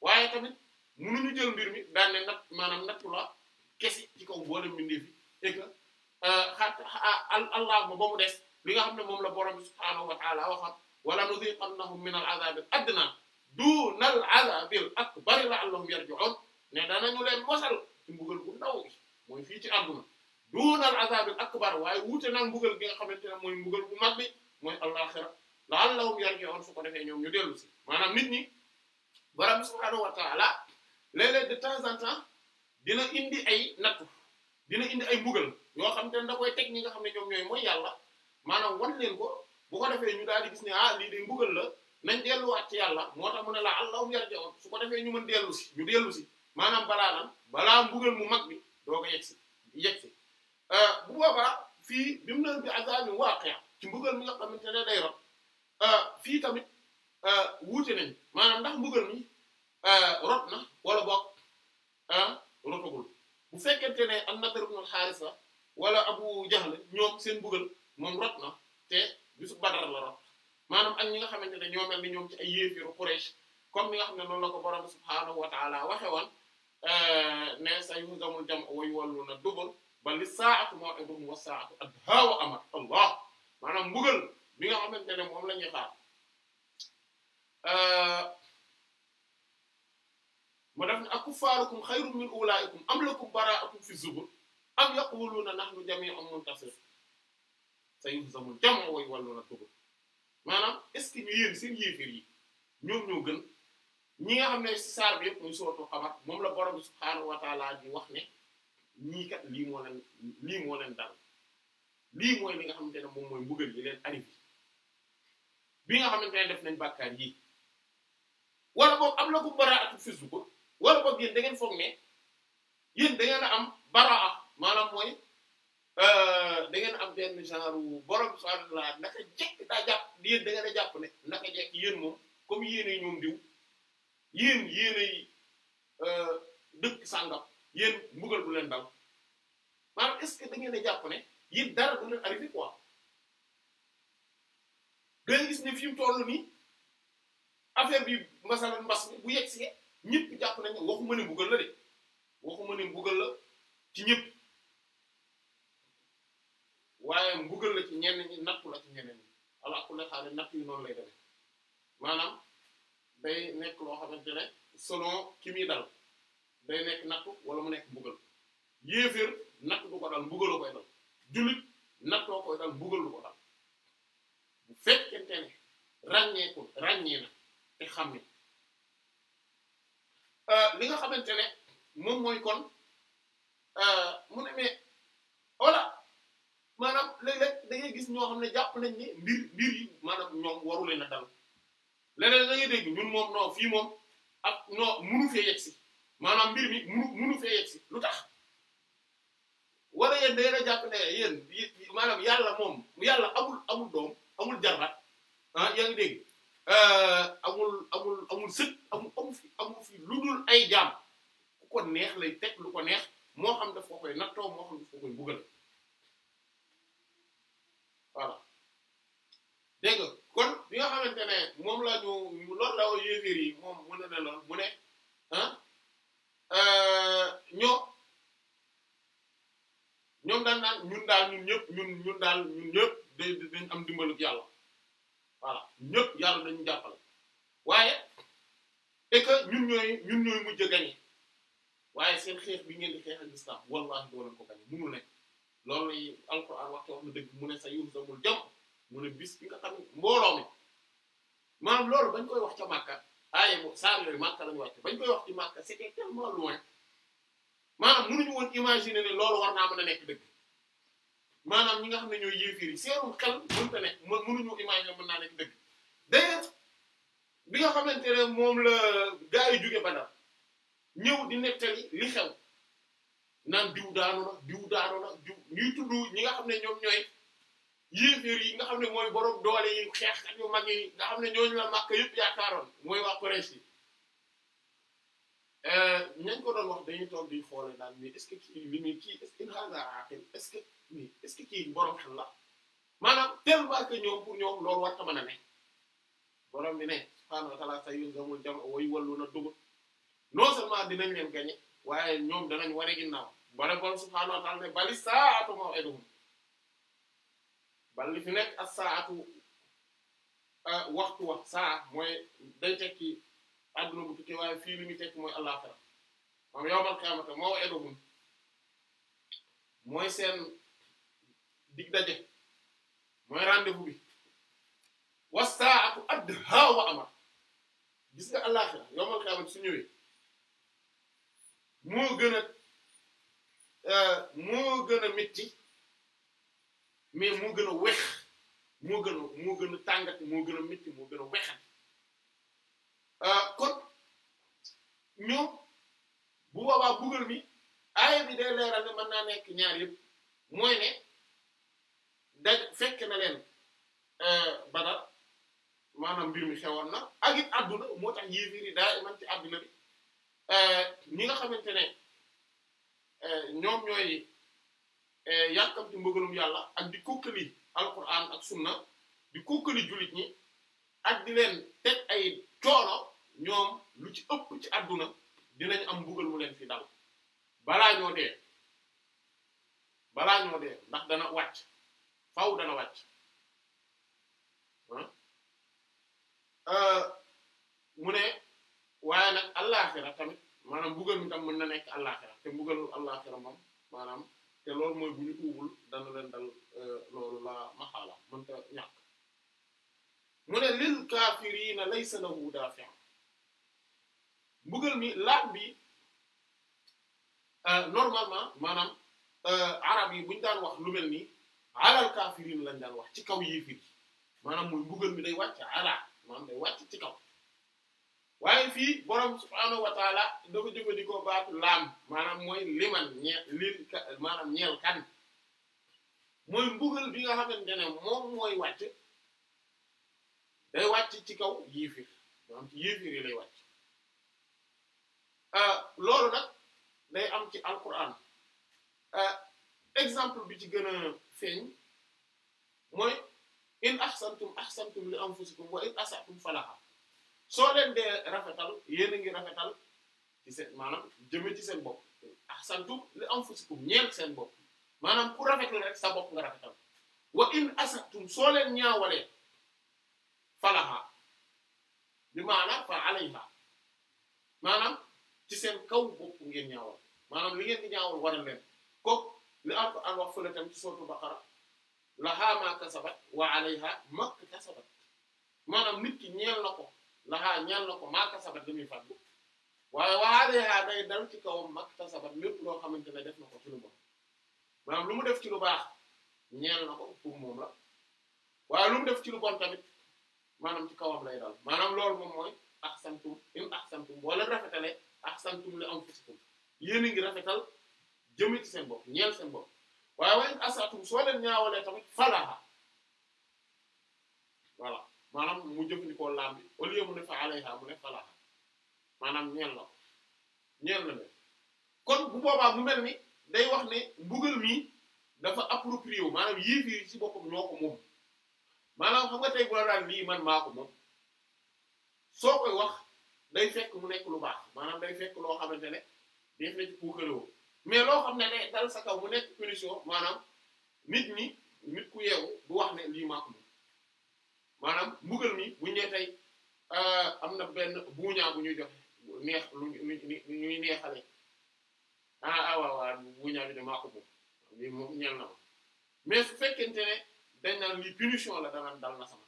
waaye tamit mënuñu jël mbir mi daan ne natt maanaam nattu la kesi ci kaw mboolem mbindeef yi et que euh, xaar ba mu des li nga xam ne moom la borom subhaanahu wa wala nuziqannahum min al azabil adna duna al azabil akbar la'allahum yarji'un ne danañu leen mosal ci mbugal bu ndaw gi mooy fii ci àdduna duna al azabil akbar waaye wuute nag mbugal gi nga xamante ne mooy mbugal bu mag bi mooy al-axira la'allahum yarji'un su ko defee ñoom ñu dellu si maanaam nit ñi borom subhaanahu wa ta'ala léeg-léeg de temps en temps dina indi ay nattu dina indi ay mbugal yoo xam te ne da koy teg ñi nga xam ne ñoom ñooy mooy yàlla maanaam wan leen ko. bu ko defee ñu daal di gis ne ah lii de mbugal la nañ delluwaat ci yàlla moo tax mu ne la allahum yarji'un su ko defee ñu mën dellu si ñu dellu si maanaam balaa lan balaa mbugal mu mag mi doo ko yegg si yegg si euh, bu boobaa fii bi mu ne bi azabin waqi' ci mbugal mi nga xamante ne day rot euh, fii tamit euh, wuute nañ maanaam ndax mbugal mi rot na wala boog ah, bu fekkente ne an-Nadr ibn al wala Abu Jahl ñoom seen mbugal moom rot na te bisu Badar la rot maanaam ak ñi nga xamante ne ñoo mel ni ñoom ci ay yéefiru Quraysh comme ni nga xam ne noonu la ko borom subhaanahu wa taala waxe woon euh, ne sa yuhzamul jam'u wa yuwalluna dubur bal lis-saa'atu maw'iduhum was-saa'atu adhaa wa amar allah maanaam mbugal bi nga xamante ne moom la ñuy xaar euh, mu def ne akuffarukum xayrun min ulaa'ikum am lakum baraa'atun fi zubur am yaquluuna nahnu jamii'un muntasir sa yuhzamu jam'u wa yawalluna dubur maanaam est ce que ñu yéen seen yéeféer yi ñoom ñoo gën ñi nga xam ne si saar bi yëpp muy sootu xamar moom la borom bi subhaanahu wa taala di wax ne ñii kat lii moo leen lii moo leen dal lii mooy li nga xamante ne moom mooy mbugal yi leen arrivé bi nga xamante ne def nañ bàkkaar yii wala boog am na ko baraatu fisu ko wala boog yéen da ngeen foog ne yéen da ngeen a am baraa maanaam mooy Euh, da ngeen am benn genre borom subhaanahu wa ta'aala naka jekk daa jàpp yéen da ngeen a jàpp ne naka jekk yéen moom comme yéenay ñoom diw yéen yéenay euh, dëkk sàngam yéen mbugal du leen dal maanaam est-ce que da ngeen a jàpp ne yéen dara du leen arrivé quoi gis ne fi mu nii affaire bi masalan mbas mi bu yegg si ñëpp jàpp nañ waxuma ne mbugal la de waxuma ne mbugal la ci ñëpp. waaye mbugal la ci ñenn ñi nattu la ci ñeneen ñi ala kulli xaal natt yi noonu lay demee maanaam day nekk loo xamante ne selon kii muy dal day nekk nattu wala mu nekk mbugal yéeféer natt du ko dal mbugal koy dal jullit nattoo koy dal mbugal du ko dal bu fekkente ne ràññeeku ràññee na te xam ne euh, li nga xamante ne moom mooy kon euh, mu ne mais voilà maanaam léeg-léeg gis ñoo xam ne jàpp nañ ni mbir mbir yi maanaam ñoom waru leen a dal léeg-léeg dégg ñun moom non fii moom ak munu fee yegg maanaam mbir lu tax wala yéen da ngeen jàpp ne yéen maanaam yàlla moom yàlla amul amul doom amul jarbat ah yaa ngi dégg eh, amul amul amul sët amul fi lu dul ay jaam ku ko neex lay teg lu ko neex moo xam daf ko koy nattoo moo xam daf ko koy buggal. dégg nga kon bi nga xamante ne moom la ñu loolu la waa yéeféer yi moom mu ne ne lool mu ne ah ñoo euh, ñoom daan naan ñun daal ñun ñëpp ñun ñun daal ñun ñëpp day dañ am dimbalug yàlla voilà ñëpp yàlla dañu jàppale waaye et que ñun ñooy ñun ñooy mujj gañe waaye seen xeex bi ngeen di xeex ak islam wallahi doo leen ko gañe mënul nekk loolu dëgg mu ne sa yur samul jam mu ne bis bi nga xam mbooloo mi maanaam loolu bañ koy wax ca Makka aay moom saar yooyu Makka lañu wàcc bañ koy wax ci Makka c'était tellement loin maanaam mënuñu woon imaginer ne loolu war naa mën a nekk dëgg maanaam ñi nga xam ne ñooy yéefiir yi seerum xel mënta nekk mënuñu imaginer mën naa nekk dëgg d'ailleurs bi nga xamante ne moom la gaa yi jóge Badar ñëw di nettali li xew naan diw daanu na diw daanu na diw ñuy tudd ñi nga xam ne ñoom ñooy yéeféer yi nga xam ne mooy borom doole yi xeexkat yu mag yi nga xam ne ñooñu la Makka yëpp yaakaaroon mooy waa Quraysh yi euh, ñañ ko doon wax dañuy toog bi xoole daal mais est-ce que kii li muy kii est-ce que in hada aqil est que est-ce la maanaam tellement que ñoom pour ñoom loolu war ta bi ne subhaanahu wa ta'aala wa yuwalluna dubur non dinañ leen gagner waaye ñoom danañ ware ginnaaw bare borom subhaanahu wa ta'aala ne bali saa'atu maw'iduhum bal li fi nekk ak saatu ah, waxtu wax saa mooy day tekki adduna bu tukki waaye fii li muy tekki mooy àllaaxira moom yawmal qiyaamata moo wa edohum mooy seen dig daje mooy rendez-vous bi wa saatu adhaa wa amar gis nga àllaaxira yawmal qiyaamata su ñëwee moo gën a eh, moo gën a métti mais moo gën a wex moo gën a moo gën a tàngat moo gën a métti moo gën a wexan euh, kon ñoom bu boobaa buggal mi aaya bi day leeral ne mën naa nekk ñaar yëpp mooy ne da fekk na leen euh, badal maanaam mbir mi xewoon na ak it àdduna moo tax yéeféer yi daa iman ci àdduna bi euh, ñi nga xamante ne ñoom ñooy E, yàkkamti mbëggalum yàlla ak di kukkali alquran ak sunna di kukkali jullit ñi ak di leen teg ay coono ñoom lu ci ëpp ci àdduna dinañ am mbugal mu leen fi dal balaa ñoo dee balaa ndax dana wàcc faw dana wàcc e, mu ne waaye nag allaaxira tamit maanaam mbugal mi tam mën na nekk allaaxira te mbugalul allaaxira moom maanaam te loolu mooy bu ñu uubul dana leen dal euh, loolu la maxaala mënta ñàkk mu ne lil kaafiriina laysa lahu daafi' mbugal mi laaj bi euh, normalement maanaam euh, arab yi bu ñu daan wax lu mel nii alal kaafiriin lañ daan wax ci kaw yéefir maanaam muy mbugal mi day wàcc ala maanaam day wàcc ci kaw waaye fii borom subhaanahu wa taala dafa jëfandikoo baatu laam maanaam mooy liman ñe lil maanaam ñeel kan mooy mbugal bi nga xamante ne moom mooy wàcc day wàcc ci kaw yiifir maanaam ci yiifir yi lay wàcc euh, loolu nag day am ci alquran euh, exemple bi ci gën a feeñ mooy in ak ahsantum li anfusikum wa in asatum falaha soo leen dee rafetal yéen a ngi rafetal ci seen maanaam jëme ci seen bopp ak ah, santu li anfusikum ñeel seen bopp maanaam ku rafetal rek sa bopp nga rafetal wa in asatum soo leen ñaawalee falaha bi maanaam fa alayha maanaam ci seen kaw bopp ngeen ñaawal maanaam li ngeen di ñaawal war leen ko li Alxuraan wax fële tam ci sourate Baqara laha ma kasabat maanaam nit ki ñeel na ko laxaa ñaan na ko maakasabat li muy fàggu waaye waadeexaa day dal ci kawam maktasabat lépp loo xamante ne def na ko ci lu bon maanaam lu mu def ci lu baax ñeel na ko pour moom la waaye lu mu def ci lu bon tamit maanaam ci kawam lay dal maanaam loolu moom mooy ahsantum in ahsantum boo leen rafetale ahsantum li anfusikum yéen a ngi rafetal jëme ci seen bopp ñeel seen bopp waaye wa in asatum soo leen ñaawalee tamit falaha voilà maanaam mu jëfandikoo laam bi au lieu mu ne fa alayha mu ne falaaha maanaam ñeel la ko ñeel la ne kon bu boobaa mu mel ni day wax ne mbugal mi dafa approprié wu maanaam yéefir ci boppam ñoo ko moom maanaam xam nga tey bu la daan lii man maa ko moom soo koy wax day fekk mu nekk lu baax maanaam day fekk loo xamante ne def na ci mais loo xam ne ne dal sa kaw mu nekk punition maanaam nit ñi nit ku yeewu du wax ne lii maa ko moom maanaam mbugal mi bu dee tey euh, am na benn buuñaa bu ñuy joxe neex lu ñuy neexale ah ah waaw waaw buuñaa bi de maa ko moom mais su fekkente ne dañ naan lii la danaan dal na sama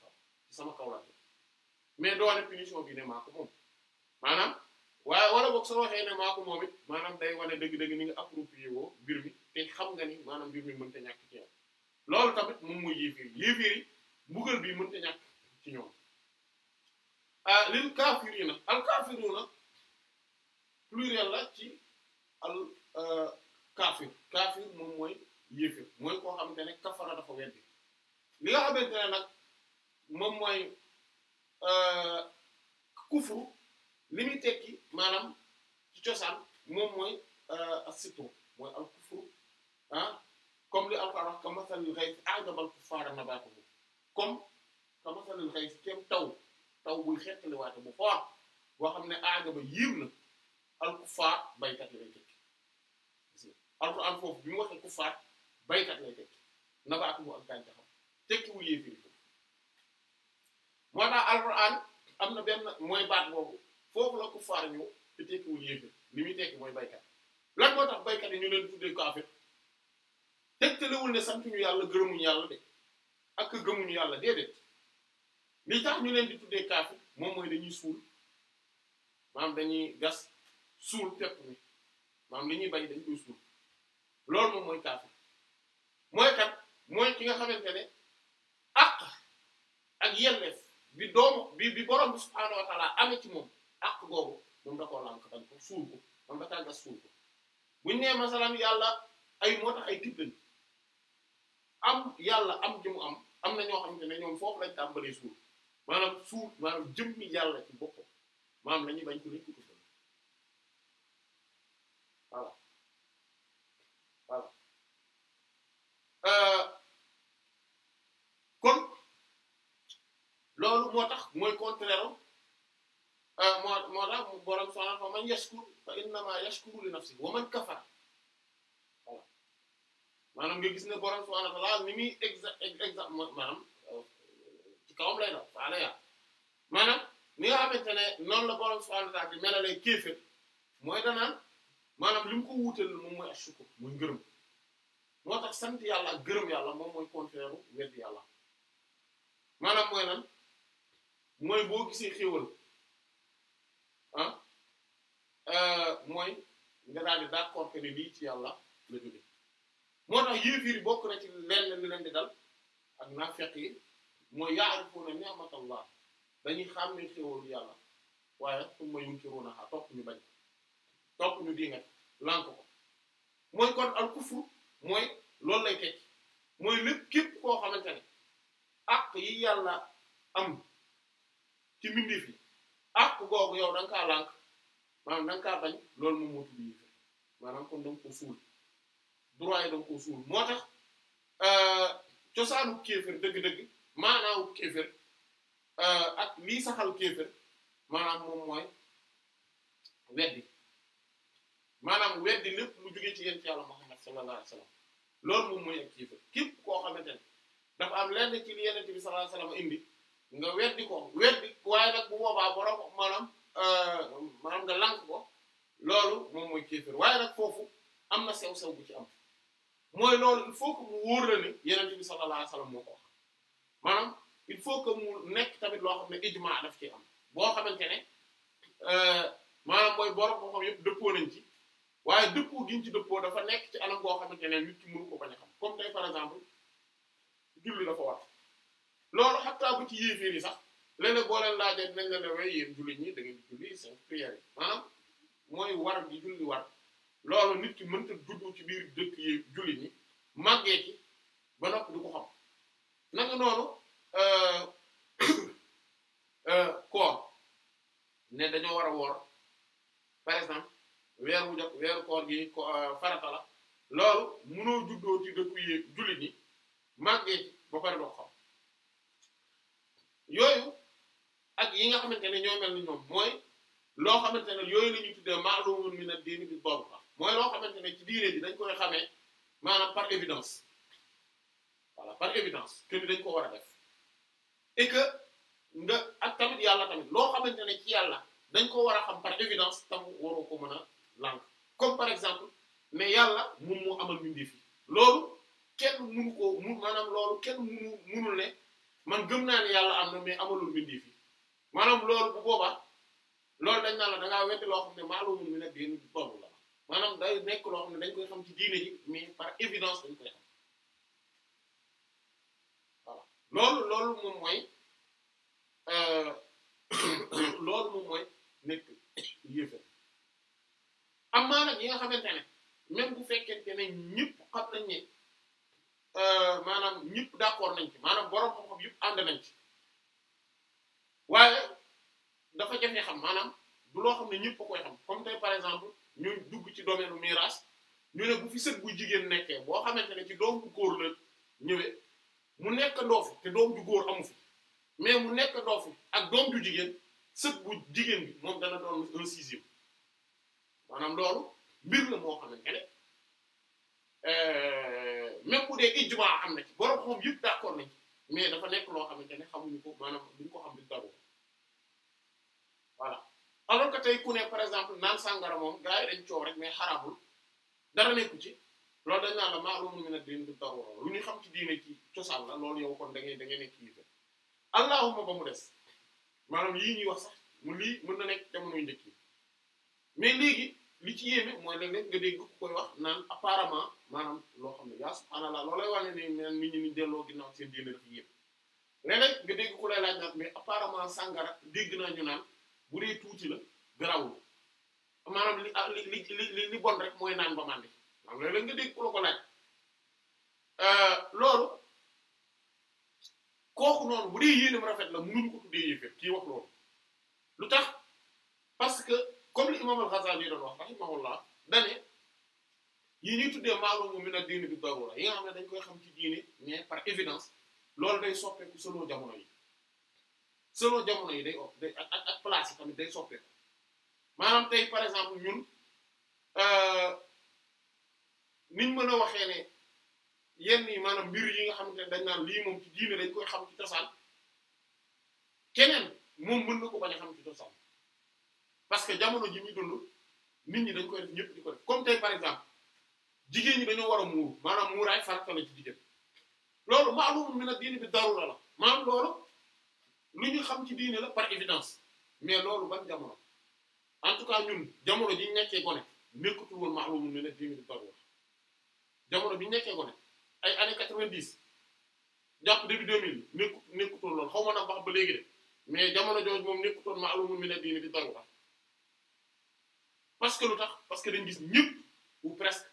sama kaw la mais doone bi ne maa ko moom maanaam waaye wala boog soo waxee ne maa ko moom it maanaam day wane dëgg-dëgg ni nga approprié woo mbir mi te xam nga ni maanaam mbir mi mënta ñàkk ci loolu tamit moom mooy yéefir yéefir mbugal bii mënta ñàkk ci ñoom ah lil kaafiriina al kaafiruuna pluriel la ci al euh, kaafir kaafir moom mooy yéefir mooy koo xamante ne kafara dafa weddi li nga xamante ne nag moom mooy euh, kufru li muy tekki maanaam ci cosaan moom mooy euh, asitru mooy al kufru ah, comme li Alxuraan wax ka masalil ghayth a'jaba al kuffaara nabaatuhu comme kama salil xëy si taw taw buy xettaliwaate bu fort boo xam ne aaga ba yiim na alkufaar baykat lay tekki alquran foofu bi mu waxee kufaar baykat lay tekki nabaatuhu ak gàncaxam tekkiwul yéefiri na benn mooy baat boobu foofu la kufaar ñëw te tekkiwul yéefiri li muy tekki mooy baykat lan moo tax baykat yi ñu leen tuddee kaafir tegtalewul ne sant ñu yàlla gërëmuñu yàlla de ak gëmuñu yàlla déedéet li tax ñu leen di tuddee kaafir moom mooy dañuy suul maanaam dañuy gas suul tepp ni maanaam li ñuy bañ dañ koy suul loolu moom mooy kaafir mooy kat mooy ki nga xamante ne àq ak yelleef bi doomu bi bi borom bi subhaanahu wa amee ci moom àq googu moom da koo lànk dañ gas suul ko buñu nee masalan yàlla ay moo tax ay tibb am yàlla am ji am am na ñoo xam ne ñoom foofu lañ tàmbalee suuf maanaam suuf maanaam jëmmi yàlla ci bopp maanaam la ñuy bañ ko rëcc ko voilà voilà euh, kon loolu moo tax mooy contraire euh, moo moo tax borom soxna fa man yashkur fa innama yashkuru li nafsi wa man kafara maanaam nga gis ne borom subhaanahu wa ni muy exa exa maanaam ci kawam lay doon waala yaa maanaam ni nga xamante ne noonu la borom subhaanahu wa ta'aala di melalee kéefër mooy danaan maanaam li mu ko wuuteel moom mooy ashukur muy ngërëm moo tax sant yàlla ak gërëm yàlla moom mooy contraire weddi yàlla maanaam mooy lan mooy boo gisee xéwal ah, euh, mooy nga daal di d'accord que ne lii ci yàlla la jóge moo tax yéefir bokk na ci lenn li leen di dal ak naafeq yi mooy ya'rifuuna ni'matallah dañuy xam ne xéwalu yàlla waaye summa yunkiruunaha topp ñu bañ topp ñu di lànk ko mooy kon al kufru mooy loolu lay tekki mooy lépp képp koo xamante ne àq yi yàlla am ci mbindeef yi àq googu yow da nga kaa lànk maanaam nga kaa bañ loolu moom moo tudd yéefir maanaam kon da nga ko suul droit yi danga ko suul moo tax euh, cosaanu kéefër dëgg-dëgg maanaaw kéefër euh, lii saxal kéefër maanaam moom mooy weddi maanaam weddi lépp lu jógee ci yéen ci yàlla Muhammad sallallahu alayhi wa sallam loolu moom mooy kéefër wa waaye nag bu boobaa borom maanaam euh, maanaam nga lànk ko loolu moom mooy kéefër waaye nag foofu am na sew-sew bu ci am mooy loolu il faut que mu wóor la ni yeneen bi sallallahu alayhi wasallam moo ko wax maanaam il faut que mu nekk tamit loo xam ne ijma daf ci am boo xamante ne euh, maanaam mooy borom boo xam yëpp dëppoo nañ ci waaye dëppoo giñ ci dëppoo dafa nekk ci anam goo xamante ne nit ki mënu ko bañ a xam comme tey par exemple julli dafa war loolu xattaa bu ci yéeféer yi sax léeg-léeg boo leen laajee dinañ la ne waaye yéen julli ñi da ngeen di julli cinq prières yi maanaam mooy war gi julli loolu nit ki mënta juddu ci biir dëkk yi jullit ñi màggee ci ba noppi du ko xam nanga noonu euh, euh, koor ne dañoo war a woor par exemple weer wu jot weeru koor gi euh, farata la loolu mënoo juddoo ci dëkk yi jullit ñi màggee ci ba pare doo ko xam yooyu ak yi nga xamante ne ñoo mel ni ñoom mooy loo xamante ne yooyu la ñuy tuddee ma'lumun min ad-din bi darura mooy loo xamante ne ci diine ji dañ koy xamee maanaam par évidence voilà par évidence que dañ ko war a def et que nga ak tamit yàlla tamit loo xamante ne ci yàlla dañ ko war a xam par évidence tam waroo ko mën a lànk comme par exemple ne yàlla moom mu amal mbindeef yi loolu kenn mënu ko mun maanaam loolu kenn munu munul ne man gëm naa ne yàlla am na mais amalul mbindeef yi maanaam loolu bu booba loolu dañ naan la da ngaa wetti loo xam ne maaloo mun mi maanaam day nekk loo xam ne dañ koy xam ci diine ji mais par évidence dañ koy xam voilà loolu loolu moom mooy euh, loolu moom mooy nekk yéefe amaa nag yi nga xamante ne même bu fekkente ne ñëpp xam nañ ne euh, maanaam ñëpp d'accord nañ ci maanaam borom xam-xam yëpp ànd nañ ci waaye dafa jafe xam maanaam du loo xam ne ñëpp a koy xam comme tey par exemple. ñu dugg ci domaine u miraas ñu ne bu fi sët bu jigéen nekkee boo xamante ne ci doom bu góor la ñëwee mu nekk ndoo te doom ju góor amu fi mais mu nekk ndoo ak doom ju jigéen sët bu jigéen bi moom dana doon un sixième maanaam loolu mbir la moo xamante ne euh, même bu dee ijma am na ci borom moom yëpp mais dafa nekk loo xamante ne xamuñu ko maanaam duñu ko xam di daru voilà alors que tey ku ne par exemple naan sàngara moom gars yi dañ coow rek mais xaraamul dara nekku ci loolu dañ naan la ma'lumun min ad-din bi darura lu ñu xam ci diine ci cosaan la loolu yow kon dangay ngay da ngay nekk yite allahuma ba mu des maanaam yii ñuy wax sax mu lii mën na nekk jamonoy njëkk yi mais léegi li ci yéeme mooy léeg-léeg nga dégg ku koy wax naan apparemment maanaam loo xam ne yaa subhaanallah loolay wane ne naan nit ñi ñu delloo ginnaaw seen diine dafa yéeme sàngara dégg naa ñu naan bu dee tuuti la garawul maanaam li ah li li bon rek mooy naan ba màndi maanaam euh, loolu la nga ko noonu bu dee rafet la mënuñu ko tuddee yéeféer kii wax loolu lu tax parce que comme li imam al-Ghazali doon wax rahimahullah dane yi ñuy tuddee maalum min ad-din bi darura yi nga xam ne dañ koy xam ci diine mais par évidence loolu day soppeeku selon jamono yi selon jamono yi day day ak ak ak place yi tamit day soppeeku maanaam tey par exemple ñun euh, niñ mën a waxee ne yenn yi maanaam mbir yi nga xamante ne dañ naan lii moom ci diine dañ koy xam ci cosaan keneen moom mën na ko bañ a xam ci cosaan parce que jamono ji muy dund nit ñi dañ koy def ñëpp di ko def comme tey par exemple jigéen ñi dañoo war a muuru maanaam muuraay farata la ci jigéen loolu maalum mi a diine bi darura la maanaam loolu. lu ñu xam ci diine la par évidence mais loolu ban jamono en tout cas ñun jamono ji nekkee gone nekkatul woon ma'lum ne ne diine di jamono bi nekkee gone ay années quatre-vingt-dix jàpp début deux mille nekku nekkutoon loolu xaw ba léegi de mais jamono jooju moom nekkutoon ma'lum ne ne diine di darura parce que lu tax parce que dañ gis ñëpp ou presque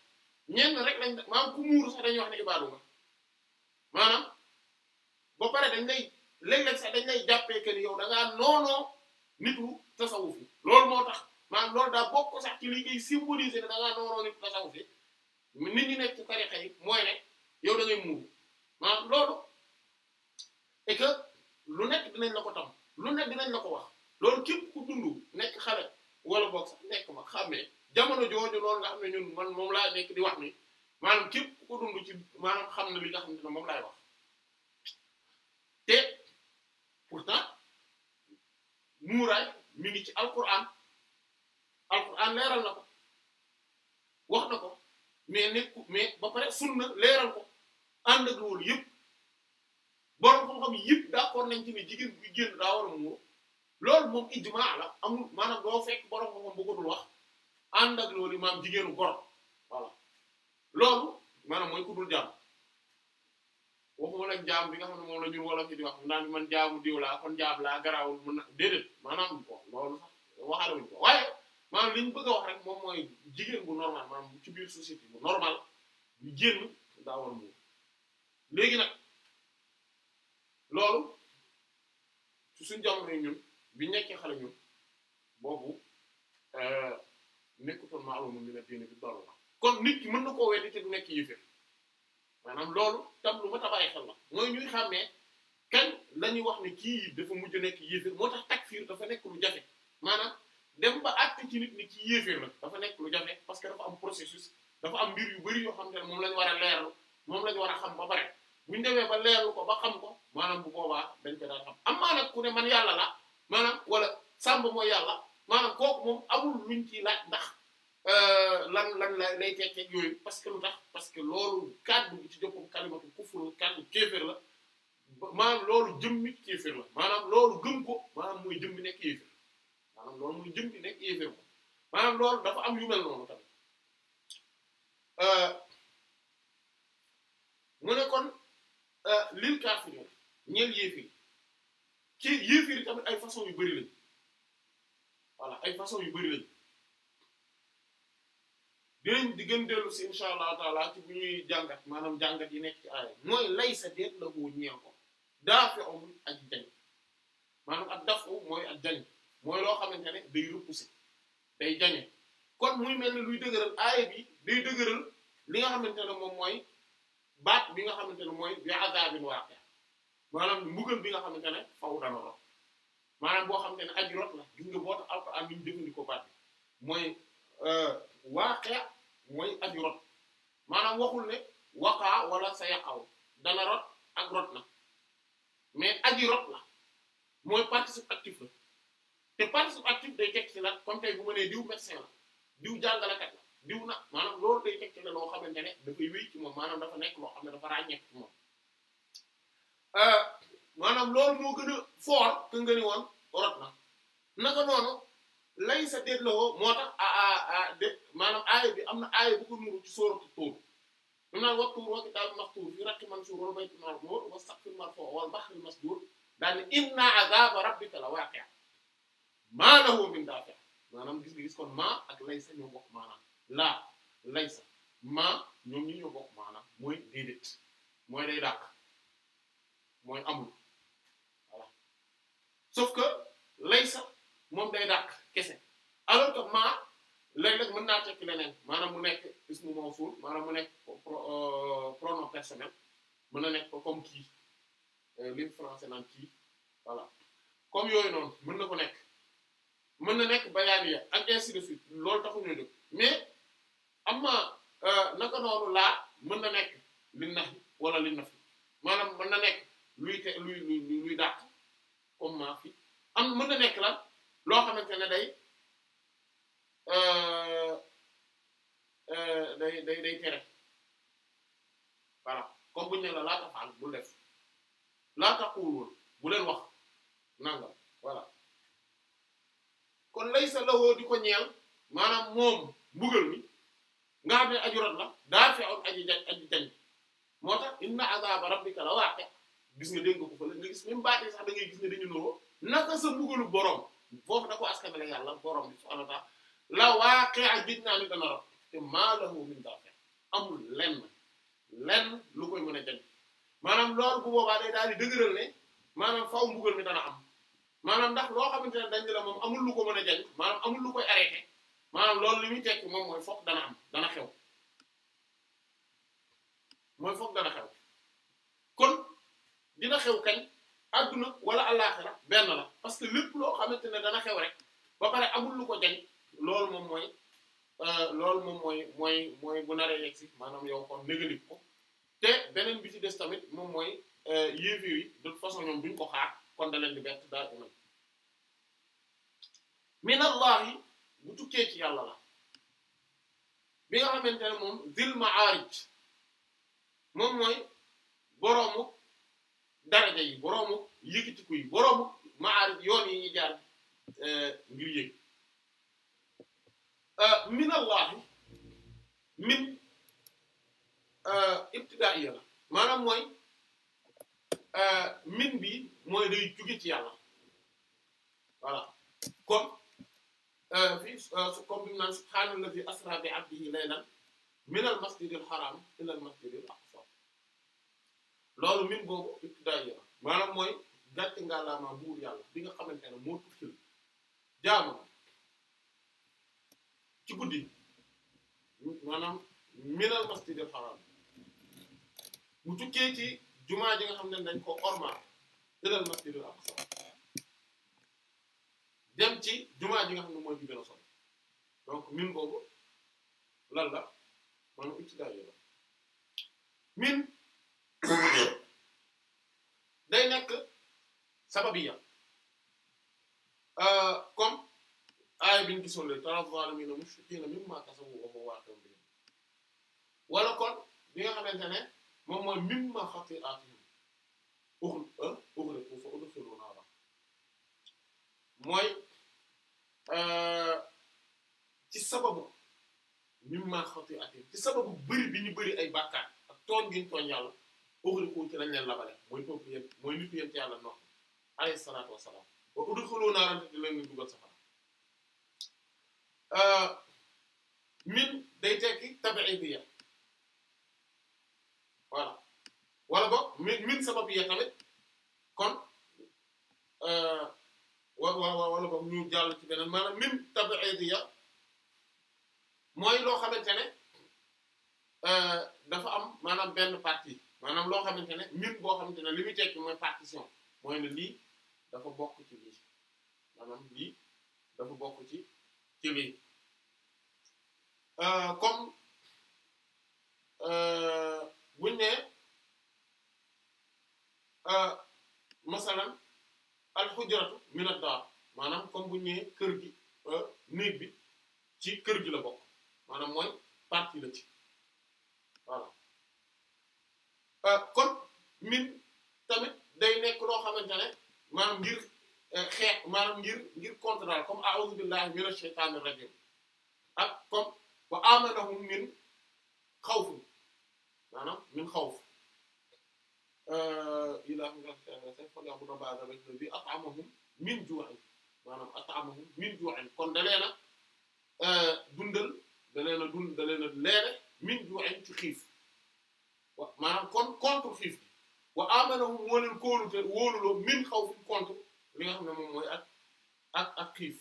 ñenn rek lañ maanaam ku muuru sax dañuy wax ne ibaadu nga maanaam ba pare dañ lay léeg-léeg sax dañ lay jàppee yow da ngaa noonoo nitu tasawuf yi loolu moo tax maanaam loolu daa bokk sax ci li ngay symboliser ne da ngaa noonoo nitu tasawuf nit ñi nekk ci tarixa yi mooy ne yow da ngay muur maanaam loolu et que lu nekk dinañ na ko tam lu nekk dinañ la ko wax loolu képp ku dund nekk xale wala boog sax nekk ma xàmmee jamono jooju loolu nga xam ne ñun man moom laa nekk di wax ni maanaam képp ku dund ci maanaam xam na li nga xam ne moom laay wax pourtant muuraay mi ngi ci alquran alquran leeral na ko wax na ko mais nekku mais ba pare na leeral ko ànd ak loolu yëpp borom xam-xam yëpp d'accord nañ ci ne jigéen bu génn daa war a muur loolu moom ijmaa la amul maanaam doo fekk borom xam-xam bu ko dul wax ànd ak loolu maam jigéenu gor voilà loolu maanaam mooy ku dul jàmm. waxuma la jaam bi nga xam ne moom la ñu wolof yi di wax naan man jaamu diw kon jaam laa garaawul mën na déedéet maanaam ko loolu sax waxaale wuñ ko waaye maanaam li ñu bëgg a wax rek moom mooy jigéen bu normal maanaam ci biir société bu normal ñu génn daa war mu léegi nag loolu su suñ jamono ñun bi nekkee xale ñun boobu euh, nekkutoon maa loolu moom dina diine bi doll la kon nit mën na koo weddi te du nekk yéféer maanaam loolu tam lu ma tabaay xel la mooy ñuy xàmmee kenn la wax ne kii dafa mujj nekk yéeféer moo tax takfiir dafa nekk jafe maanaam dem ba àtte ci nit ni dafa nekk lu jafe parce que dafa am processus dafa am mbir yu bari yoo xam te ne moom la war a leerlu moom la ñu war a xam ba pare bu ñu demee ba leerlu ko ba xam ko maanaam bu boobaa dañ ko daal xam amaa nag ku ne man yàlla la maanaam wala sàmb mooy yàlla maanaam kooku moom amul luñ ciy laaj ndax. Euh, lan lan la lay yooyu parce que lu tax parce que loolu kàddu gi ci joppam kalimatu kufr kàddu kéefér la maanaam loolu jëmmi kéefér la maanaam loolu gëm ko maanaam mooy jëmmi nekk yéefér maanaam loolu mooy jëmmi nekk yéefér ko maanaam loolu dafa am yu mel noonu tamit euh, mu ne kon euh, lil kaafiriin ñeel yéefir ci yéefir tamit ay façon yu bari lañ voilà ay façon yu bari lañ dinañ di gën dellu si incha allah taala ci bu ñuy jàngat maanaam jàngat yi nekk ci aaya mooy lay sa deet la ko ñeel ko daafi'un ak jañ maanaam ak dafu mooy ak jañ loo xamante ne day repousser day kon muy mel ni luy dëgëral aaya bi day dëgëral li nga xamante ne moom mooy baat bi nga xamante ne mooy bi azabin waaqi maanaam mbugal bi nga xamante ne faw dana rot maanaam boo xamante ne aji rot la gis nga boo tax alquran ñu jëfandikoo baat mooy euh, waaqia mooy aji rot maanaam waxul ne waqaa wala sa yaqaw dana rot ak rot na mais aji rot la mooy participe actif la te participe actif day tekki la comme tey bu ma nee diw médecin la diw jàngalekat la diw na maanaam loolu day tekki la loo xamante ne dafay wéy ci moom maanaam dafa nekk loo xam ne dafa ràññeeku ci moom euh, maanaam loolu moo gën a fort woon rot na naka noonu lay sa dégloo moo tax a a a dé maanaam bi am na aaya bu ko nuru ci sóoratu Tuur mu naan wa tuur wa kitaabin mastuur fii raqqin mansuur wal baytil ma'muur was saqfil marfuu' wal bahril masjuur daal inna azaaba maa lahu min gis nga gis kon maa ak lay sa ñoo bokk laa lay maa ñoom ñi ñoo bokk maanaam mooy déedéet mooy day dàq mooy amul voilà que lay moom day dàq kese alors que maa léeg-léeg mën naa tekki leneen maanaam mu nekk ismu mawsul maanaam mu nekk euh, pronom personnel mën na nekk ko comme kii euh, li français naan kii voilà comme yooyu noonu mën na ko nekk mën na nekk bayaaniya ak ainsi de suite loolu taxu ñoo jóg mais am na euh, naka noonu laa mën na nekk li nax wala li nafi maanaam mën na nekk luy te luy luy luy dàq comme maa fi am mën na nekk la loo xamante ne day euh, euh, day day day tere voilà comme bu ñu ne la laa tafaal bul def laa taquul bu leen wax nangam voilà kon laysa lahoo di ko ñeel maanaam moom mbugal mi nga xam ne aju rot la daa fi on aji jañ aji jañ moo tax inna azaba rabbika la waaqi gis nga dégg ko fa la nga gis même baatee sax da ngay gis ne dañu nuroo naka sa mbugalu borom boobu da ko askan la yàlla borom bi subhaanahu wa ta'aala la ak gis naa ni dana rab te maa lahu min daafi amul lenn lenn lu koy mën a jañ maanaam lool bu boobaa day daal di dëgëral ne maanaam faaw mbugal mi dana am maanaam ndax loo xamante ne dañ la moom amul lu ko mën a jañ maanaam amul lu koy arrêté maanaam lool lu muy tekki moom mooy fokk dana am dana xew mooy fokk dana xew kon dina xew kañ adduna wala àllaaxira benn la parce que lépp loo xamante ne dana xew rek ba pare amul lu ko jañ loolu moom mooy euh, loolu moom mooy mooy bu naree yegg si yow kon négatif ko te beneen bi ci des tamit moom mooy euh, yéeféer yi de toute façon ñoom duñ ko xaar kon da leen di bett daal iman min bu tukkee ci yàlla la bi nga xamante ne moom zil ma'arij moom mooy boroomu daraja yi boroomu yëkkatiku yi boroomu maarif yoon yi ñuy jaar e, ngir yëg e, min allahi min e, ibtidaaiya la maanaam mooy min bi mooy day jóge ci yàlla voilà comme fii bi mu naan subhaanallazi asra bi abdihi laylan min al masjidil haram ila al masjidil aqsa loolu min boobu daje na maanaam mooy gàcce ngalaama buur yàlla bi nga xamante ne moo tukkil jaamu ci guddi maanaam minal masjidil haram mu tukkee ci jumaa ji nga xam ne dañ ko ormal ilal masjidil aqsa dem ci jumaa ji nga xam ne mooy bi gën a donc min boobu lan la maanaam ibtidaa la min day nekk sababiya euh, comme aaya bi ñu gisoon ne tara zaalimiina mushfiqiina mimmaa kasabu wa huwa waaqi'un bihim wala kon bi nga xamante ne moom mooy mimmaa xatii'aatihim ughriquu euh, fa udkhiluu naaran mooy euh, ci sababu mimmaa xatii'aatihim ci sababu bëri bi ñu bëri ay bàkkaar ak tooñ gi tooñ yàlla. uxrikuu ci lañ leen labale mooy peuple yéen mooy nitu yéen ci yàlla nox alayhi salaatu wassalaam wa udxuluu naaran di leen dugal safara euh, min day tekki tabi'iyya voilà wala boog min min sababiyya tamit kon euh, wa wa wala boog jàll ci beneen maanaam min tabi'iyya mooy loo xamante ne euh, dafa am maanaam benn partie maanaam loo xamante ne mbir boo xamante ne li muy tekki mooy partition mooy ne lii dafa bokk ci lii maanaam lii dafa bokk ci ci lii euh, comme euh, buñ ne euh, masalan alxujratu min ad-dar maanaam comme buñ ne kër gi néeg bi ci kër gi la bokk maanaam mooy partie la ci Euh, kon min tamit day nekk loo xamante ne maanaam ngir euh, xeex maanaam ngir ngir contrat comme a'udhu billahi minash shaytanir rajim ak comme wa amanahum min xawf maanaam min xawf ilaa falya'budu rabba hadha alladhi at'amahum min ju'in maanaam at'amahum min ju'in kon da leen a euh, dundal da leen a da leen leere min ju'in ci xiif wa maanaam kon contre xiif bi wa i moo leen kóolute wóoluloo min xaw li nga xam ne moom mooy ak ak ak xiif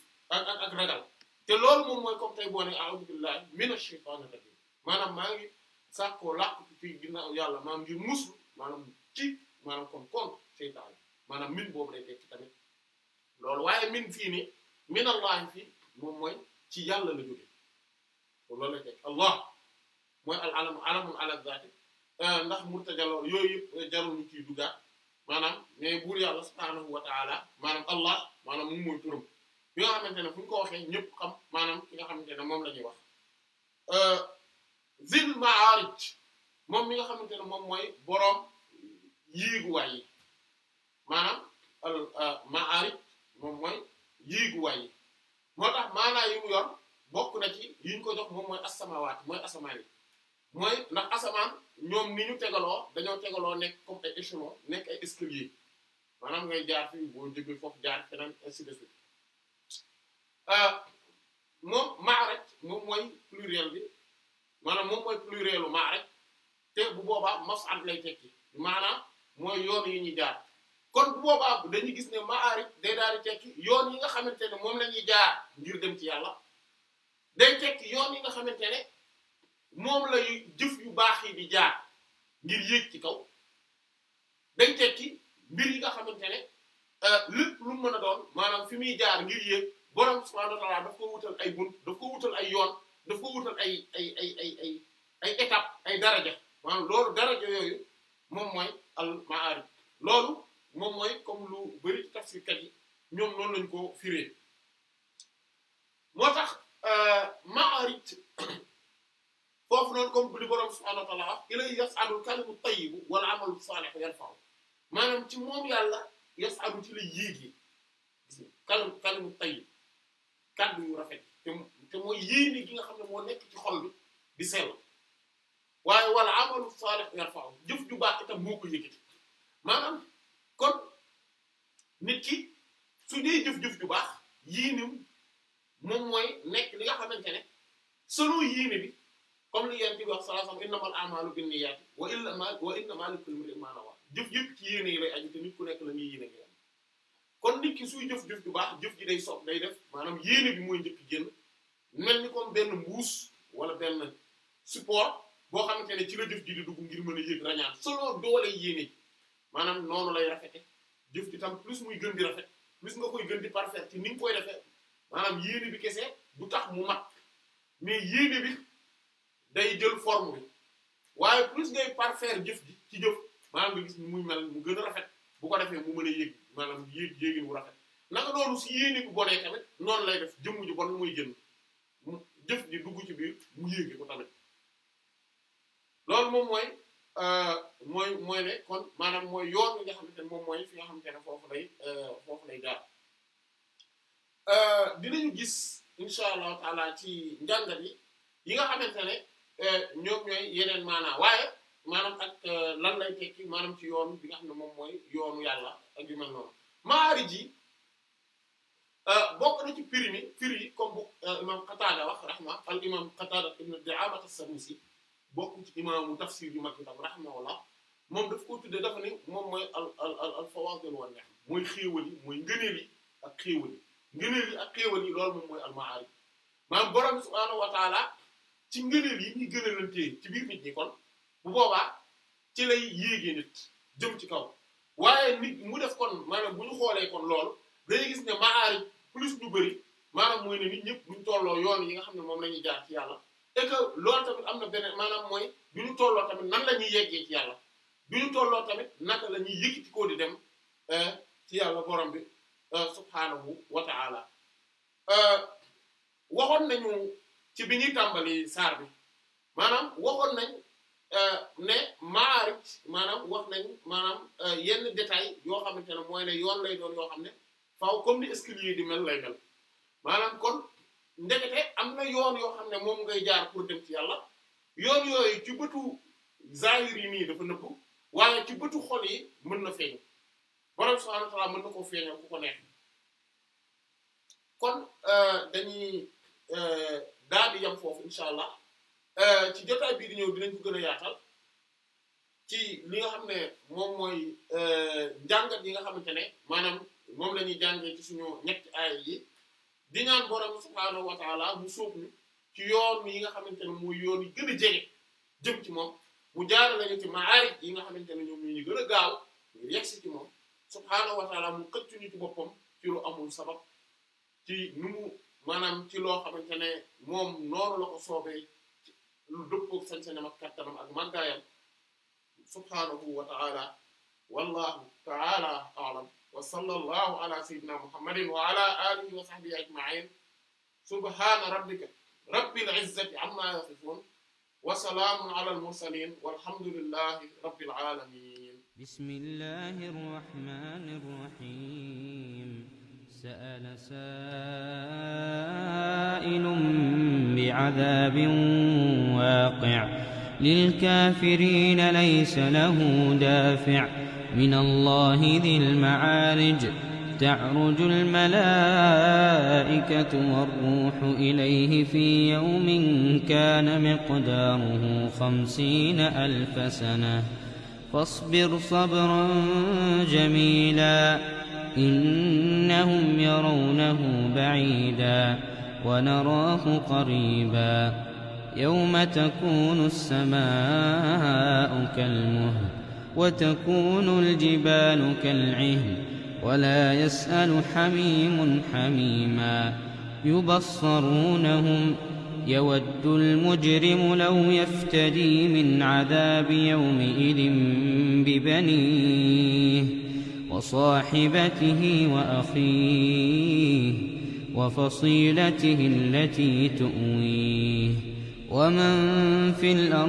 te loolu moom mooy comme tey boo ne a'udhu billahi minash ngi sàkkoo làqtu ci ginnaaw yàlla maanaam ngir muslu maanaam ci kon contre seytaan maanaam min boobu day tekki tamit loolu waaye min fii nii min allah fii moom mooy ci yàlla la jóge loolu la tekki allah mooy al alam alamun ala zaati Euh, ndax murtajaloo yooyu yëpp euh, jarul ñu ciy duggaat maanaam mais buur yàlla subhaanahu wa taala maanaam allah maanaam moom mooy turam bi nga xamante ne fu ñu ko waxee ñëpp xam maanaam ki nga xamante ne moom la ñuy wax euh, zil moom mi nga xamante ne moom mooy boroom yéeguwaay yi maanaam al moom mooy yéeguwaay yi moo tax maanaa yi mu yor bokk na ci yi ñu ko jox moom mooy asamawaat mooy asamaan mooy ndax asamaan ñoom ni ñu tegaloo dañoo tegaloo nekk comme ay échelon nekk ay escalier maanaam ngay jaar fii boo jógee foofu jaar feneen ainsi de suite euh, moom ma'raj moom mooy pluriel bi maanaam moom mooy plurielu ma'raj te bu boobaa maf'al lay tekki maanaam mooy yoon yi ñuy jaar kon bu boobaa dañuy gis ne ma'arij day daal di tekki yoon yi nga xamante ne moom la jaar ngir dem ci yàlla day tekki yoon yi nga xamante ne. moom lay jëf yu baax yi di jaar ngir yéeg ci kaw dañ tekki mbir yi nga xamante ne euh, lépp lu mën a doon maanaam fi muy jaar ngir yéeg borom subhanahu wa daf ko wutal ay bunt daf ko wutal ay yoon daf ko wutal ay ay ay ay ay ay étape ay daraja maanaam loolu daraja yooyu moom mooy al ma'arij loolu moom mooy comme lu bari ci tafsirkat yi ñoom noonu lañu ko firee moo tax euh, ma'arij foofu noonu comme li borom subhaanahu wa ta'aala ilay yas'adul kalimu tayyibu wal amalu saalihu yarfa'u maanaam ci moom yàlla yas'adu ci la yéegee gis kalimu kalimu tayyib kàddu yu rafet te te mooy yéene gi nga xam ne moo nekk ci xol bi di sell waaye wal amalu saalihu yarfa'u jëf ju baax itam moo ko yëkkati maanaam kon nit ki su dee jëf-jëf ju baax yéenim moom mooy nekk li nga xamante ne solo yéene bi. comme li yéen ci wax sallallahu alayhi wasallam innamal a'malu binniyat wa innama wa innama likulli imrin ma nawa jëf yëpp ci yéene yi lay kon nit ki suy jëf jëf ju baax jëf ji day sopp day def maanaam yéene bi mooy njëkk génn mel ni comme benn mbuus wala benn support boo xamante ne ci la jëf ji di dugg ngir mën a yëg rañaan solo doole yéene maanaam noonu lay rafete jëf ji tam plus muy gën di rafet plus nga koy gën di parfait ci ni nga koy defee maanaam yéene bi kese bu tax mu mag mais yéene bi. day jël forme bi waaye plus ngay parfaire jëf ji ci jëf maa nga gis ni muy mel mu gën a rafet bu ko defee mu mën a yéeg maanaam yéeg yéegin wu rafet naka si yéene bu bonee lay def jëmm ji bon muy jënd mu jëf ji dugg ci biir mu yéegi ko tamit loolu moom mooy euh, mooy mooy ne kon maanaam mooy yoon yi nga xamante ne moom mooy fi nga xamante ne foofu lay euh, foofu lay jaar euh, gis incha allahu taala ci njàngat yi yi nga xamante ne Euh, ñoom ñooy yeneen maanaam waaye maanaam ak euh, lan lay tekki maanaam ci yoon bi nga xam ne moom mooy yoonu yàlla ak yu mel noonu maarij euh, bokk na ci firi mi firi yi comme bu imam Qatada wax rahma al imam Qatada ibn Di'ama as si bokk ci imaamu tafsir yu mag itam rahimahullah moom daf ko tudde dafa ni moom moy al al al al wan ni'am mooy xéewal yi mooy ngëneel ak xéewal yi ak xéewal yi loolu moom mooy al maarij maanaam borom subhaanahu wa ci ngëneel yi ñuy gënalantee ci biir nit ñi kon bu boobaa ci lay yéegee nit jëm ci kaw waaye nit mu def kon maanaam bu ñu xoolee kon loolu dañuy gis ne maari plus ñu bëri maanaam mooy ne nit ñëpp buñ tolloo yoon yi nga xam ne moom la ñuy jaar ci yàlla te que loolu tamit am na beneen maanaam mooy du ñu tolloo tamit nan la ñuy yeggee ci yàlla du ñu tolloo tamit naka la ñuy yëkkati koo di dem ci yàlla borom bi subhaanahu wa ta'ala waxoon nañu ci bi ñuy tàmbali saar bi maanaam waxoon nañ euh, ne maarij maanaam wax nañ maanaam euh, yenn détail yoo xamante ne mooy ne yoon lay doon yoo xam ne faaw comme ni escalier di mel lay mel maanaam kon ndekete am na yoon yoo xam ne moom ngay jaar pour dem ci yàlla yoon yooyu ci bëtu zahir yi nii dafa nëbbu waaye ci bëtu xol yi mën na feeñ borom subhanahu wa mën na koo feeñal ku ko neex kon euh, dañuy daa di yem foofu incha allah euh, ci jotaay bii di bi dinañ ko gën a yaatal ci li nga xam ne moom mooy euh, njàngat yi nga xamante ne maanaam moom la ñuy jàngee ci suñu ñetti aaya yi di ñaan borom subhaanahu wa mu sóob ñu ci yoon yi nga xamante ne mooy yoon yi gën a jege jëm ci moom mu jaara lañu ci maarij yi nga xamante ne ñoom ñu ñu gën a gaaw ñu yegsi ci moom subhaanahu wa mu xëcc ci boppam ci lu amul sabab ci nu mu maanaam ci loo xamante ne moom noonu la ko soobee lu dëppook sañ-sañam ak kattanam ak màggaayam subhaanahu wa ta'ala wallahu ta'ala a'lam wa sallallahu ala sayyidina muhammadin wa ala alihi wa sahbihi ajma'in subhana rabbika rabbil izzati amma yasifun wa salaamun ala al mursalin walhamdulillahi rabbil alamin bismillahir rahmanir rahim سأل سائل بعذاب واقع للكافرين ليس له دافع من الله ذي المعارج تعرج الملائكة والروح إليه في يوم كان مقداره خمسين ألف سنة فاصبر صبرا جميلا إنهم يرونه بعيدا ونراه قريبا يوم تكون السماء كالمهل وتكون الجبال كالعهن ولا يسأل حميم حميما يبصرونهم يود المجرم لو يفتدي من عذاب يومئذ ببنيه وصاحبته وأخيه وفصيلته التي تؤويه ومن في الأرض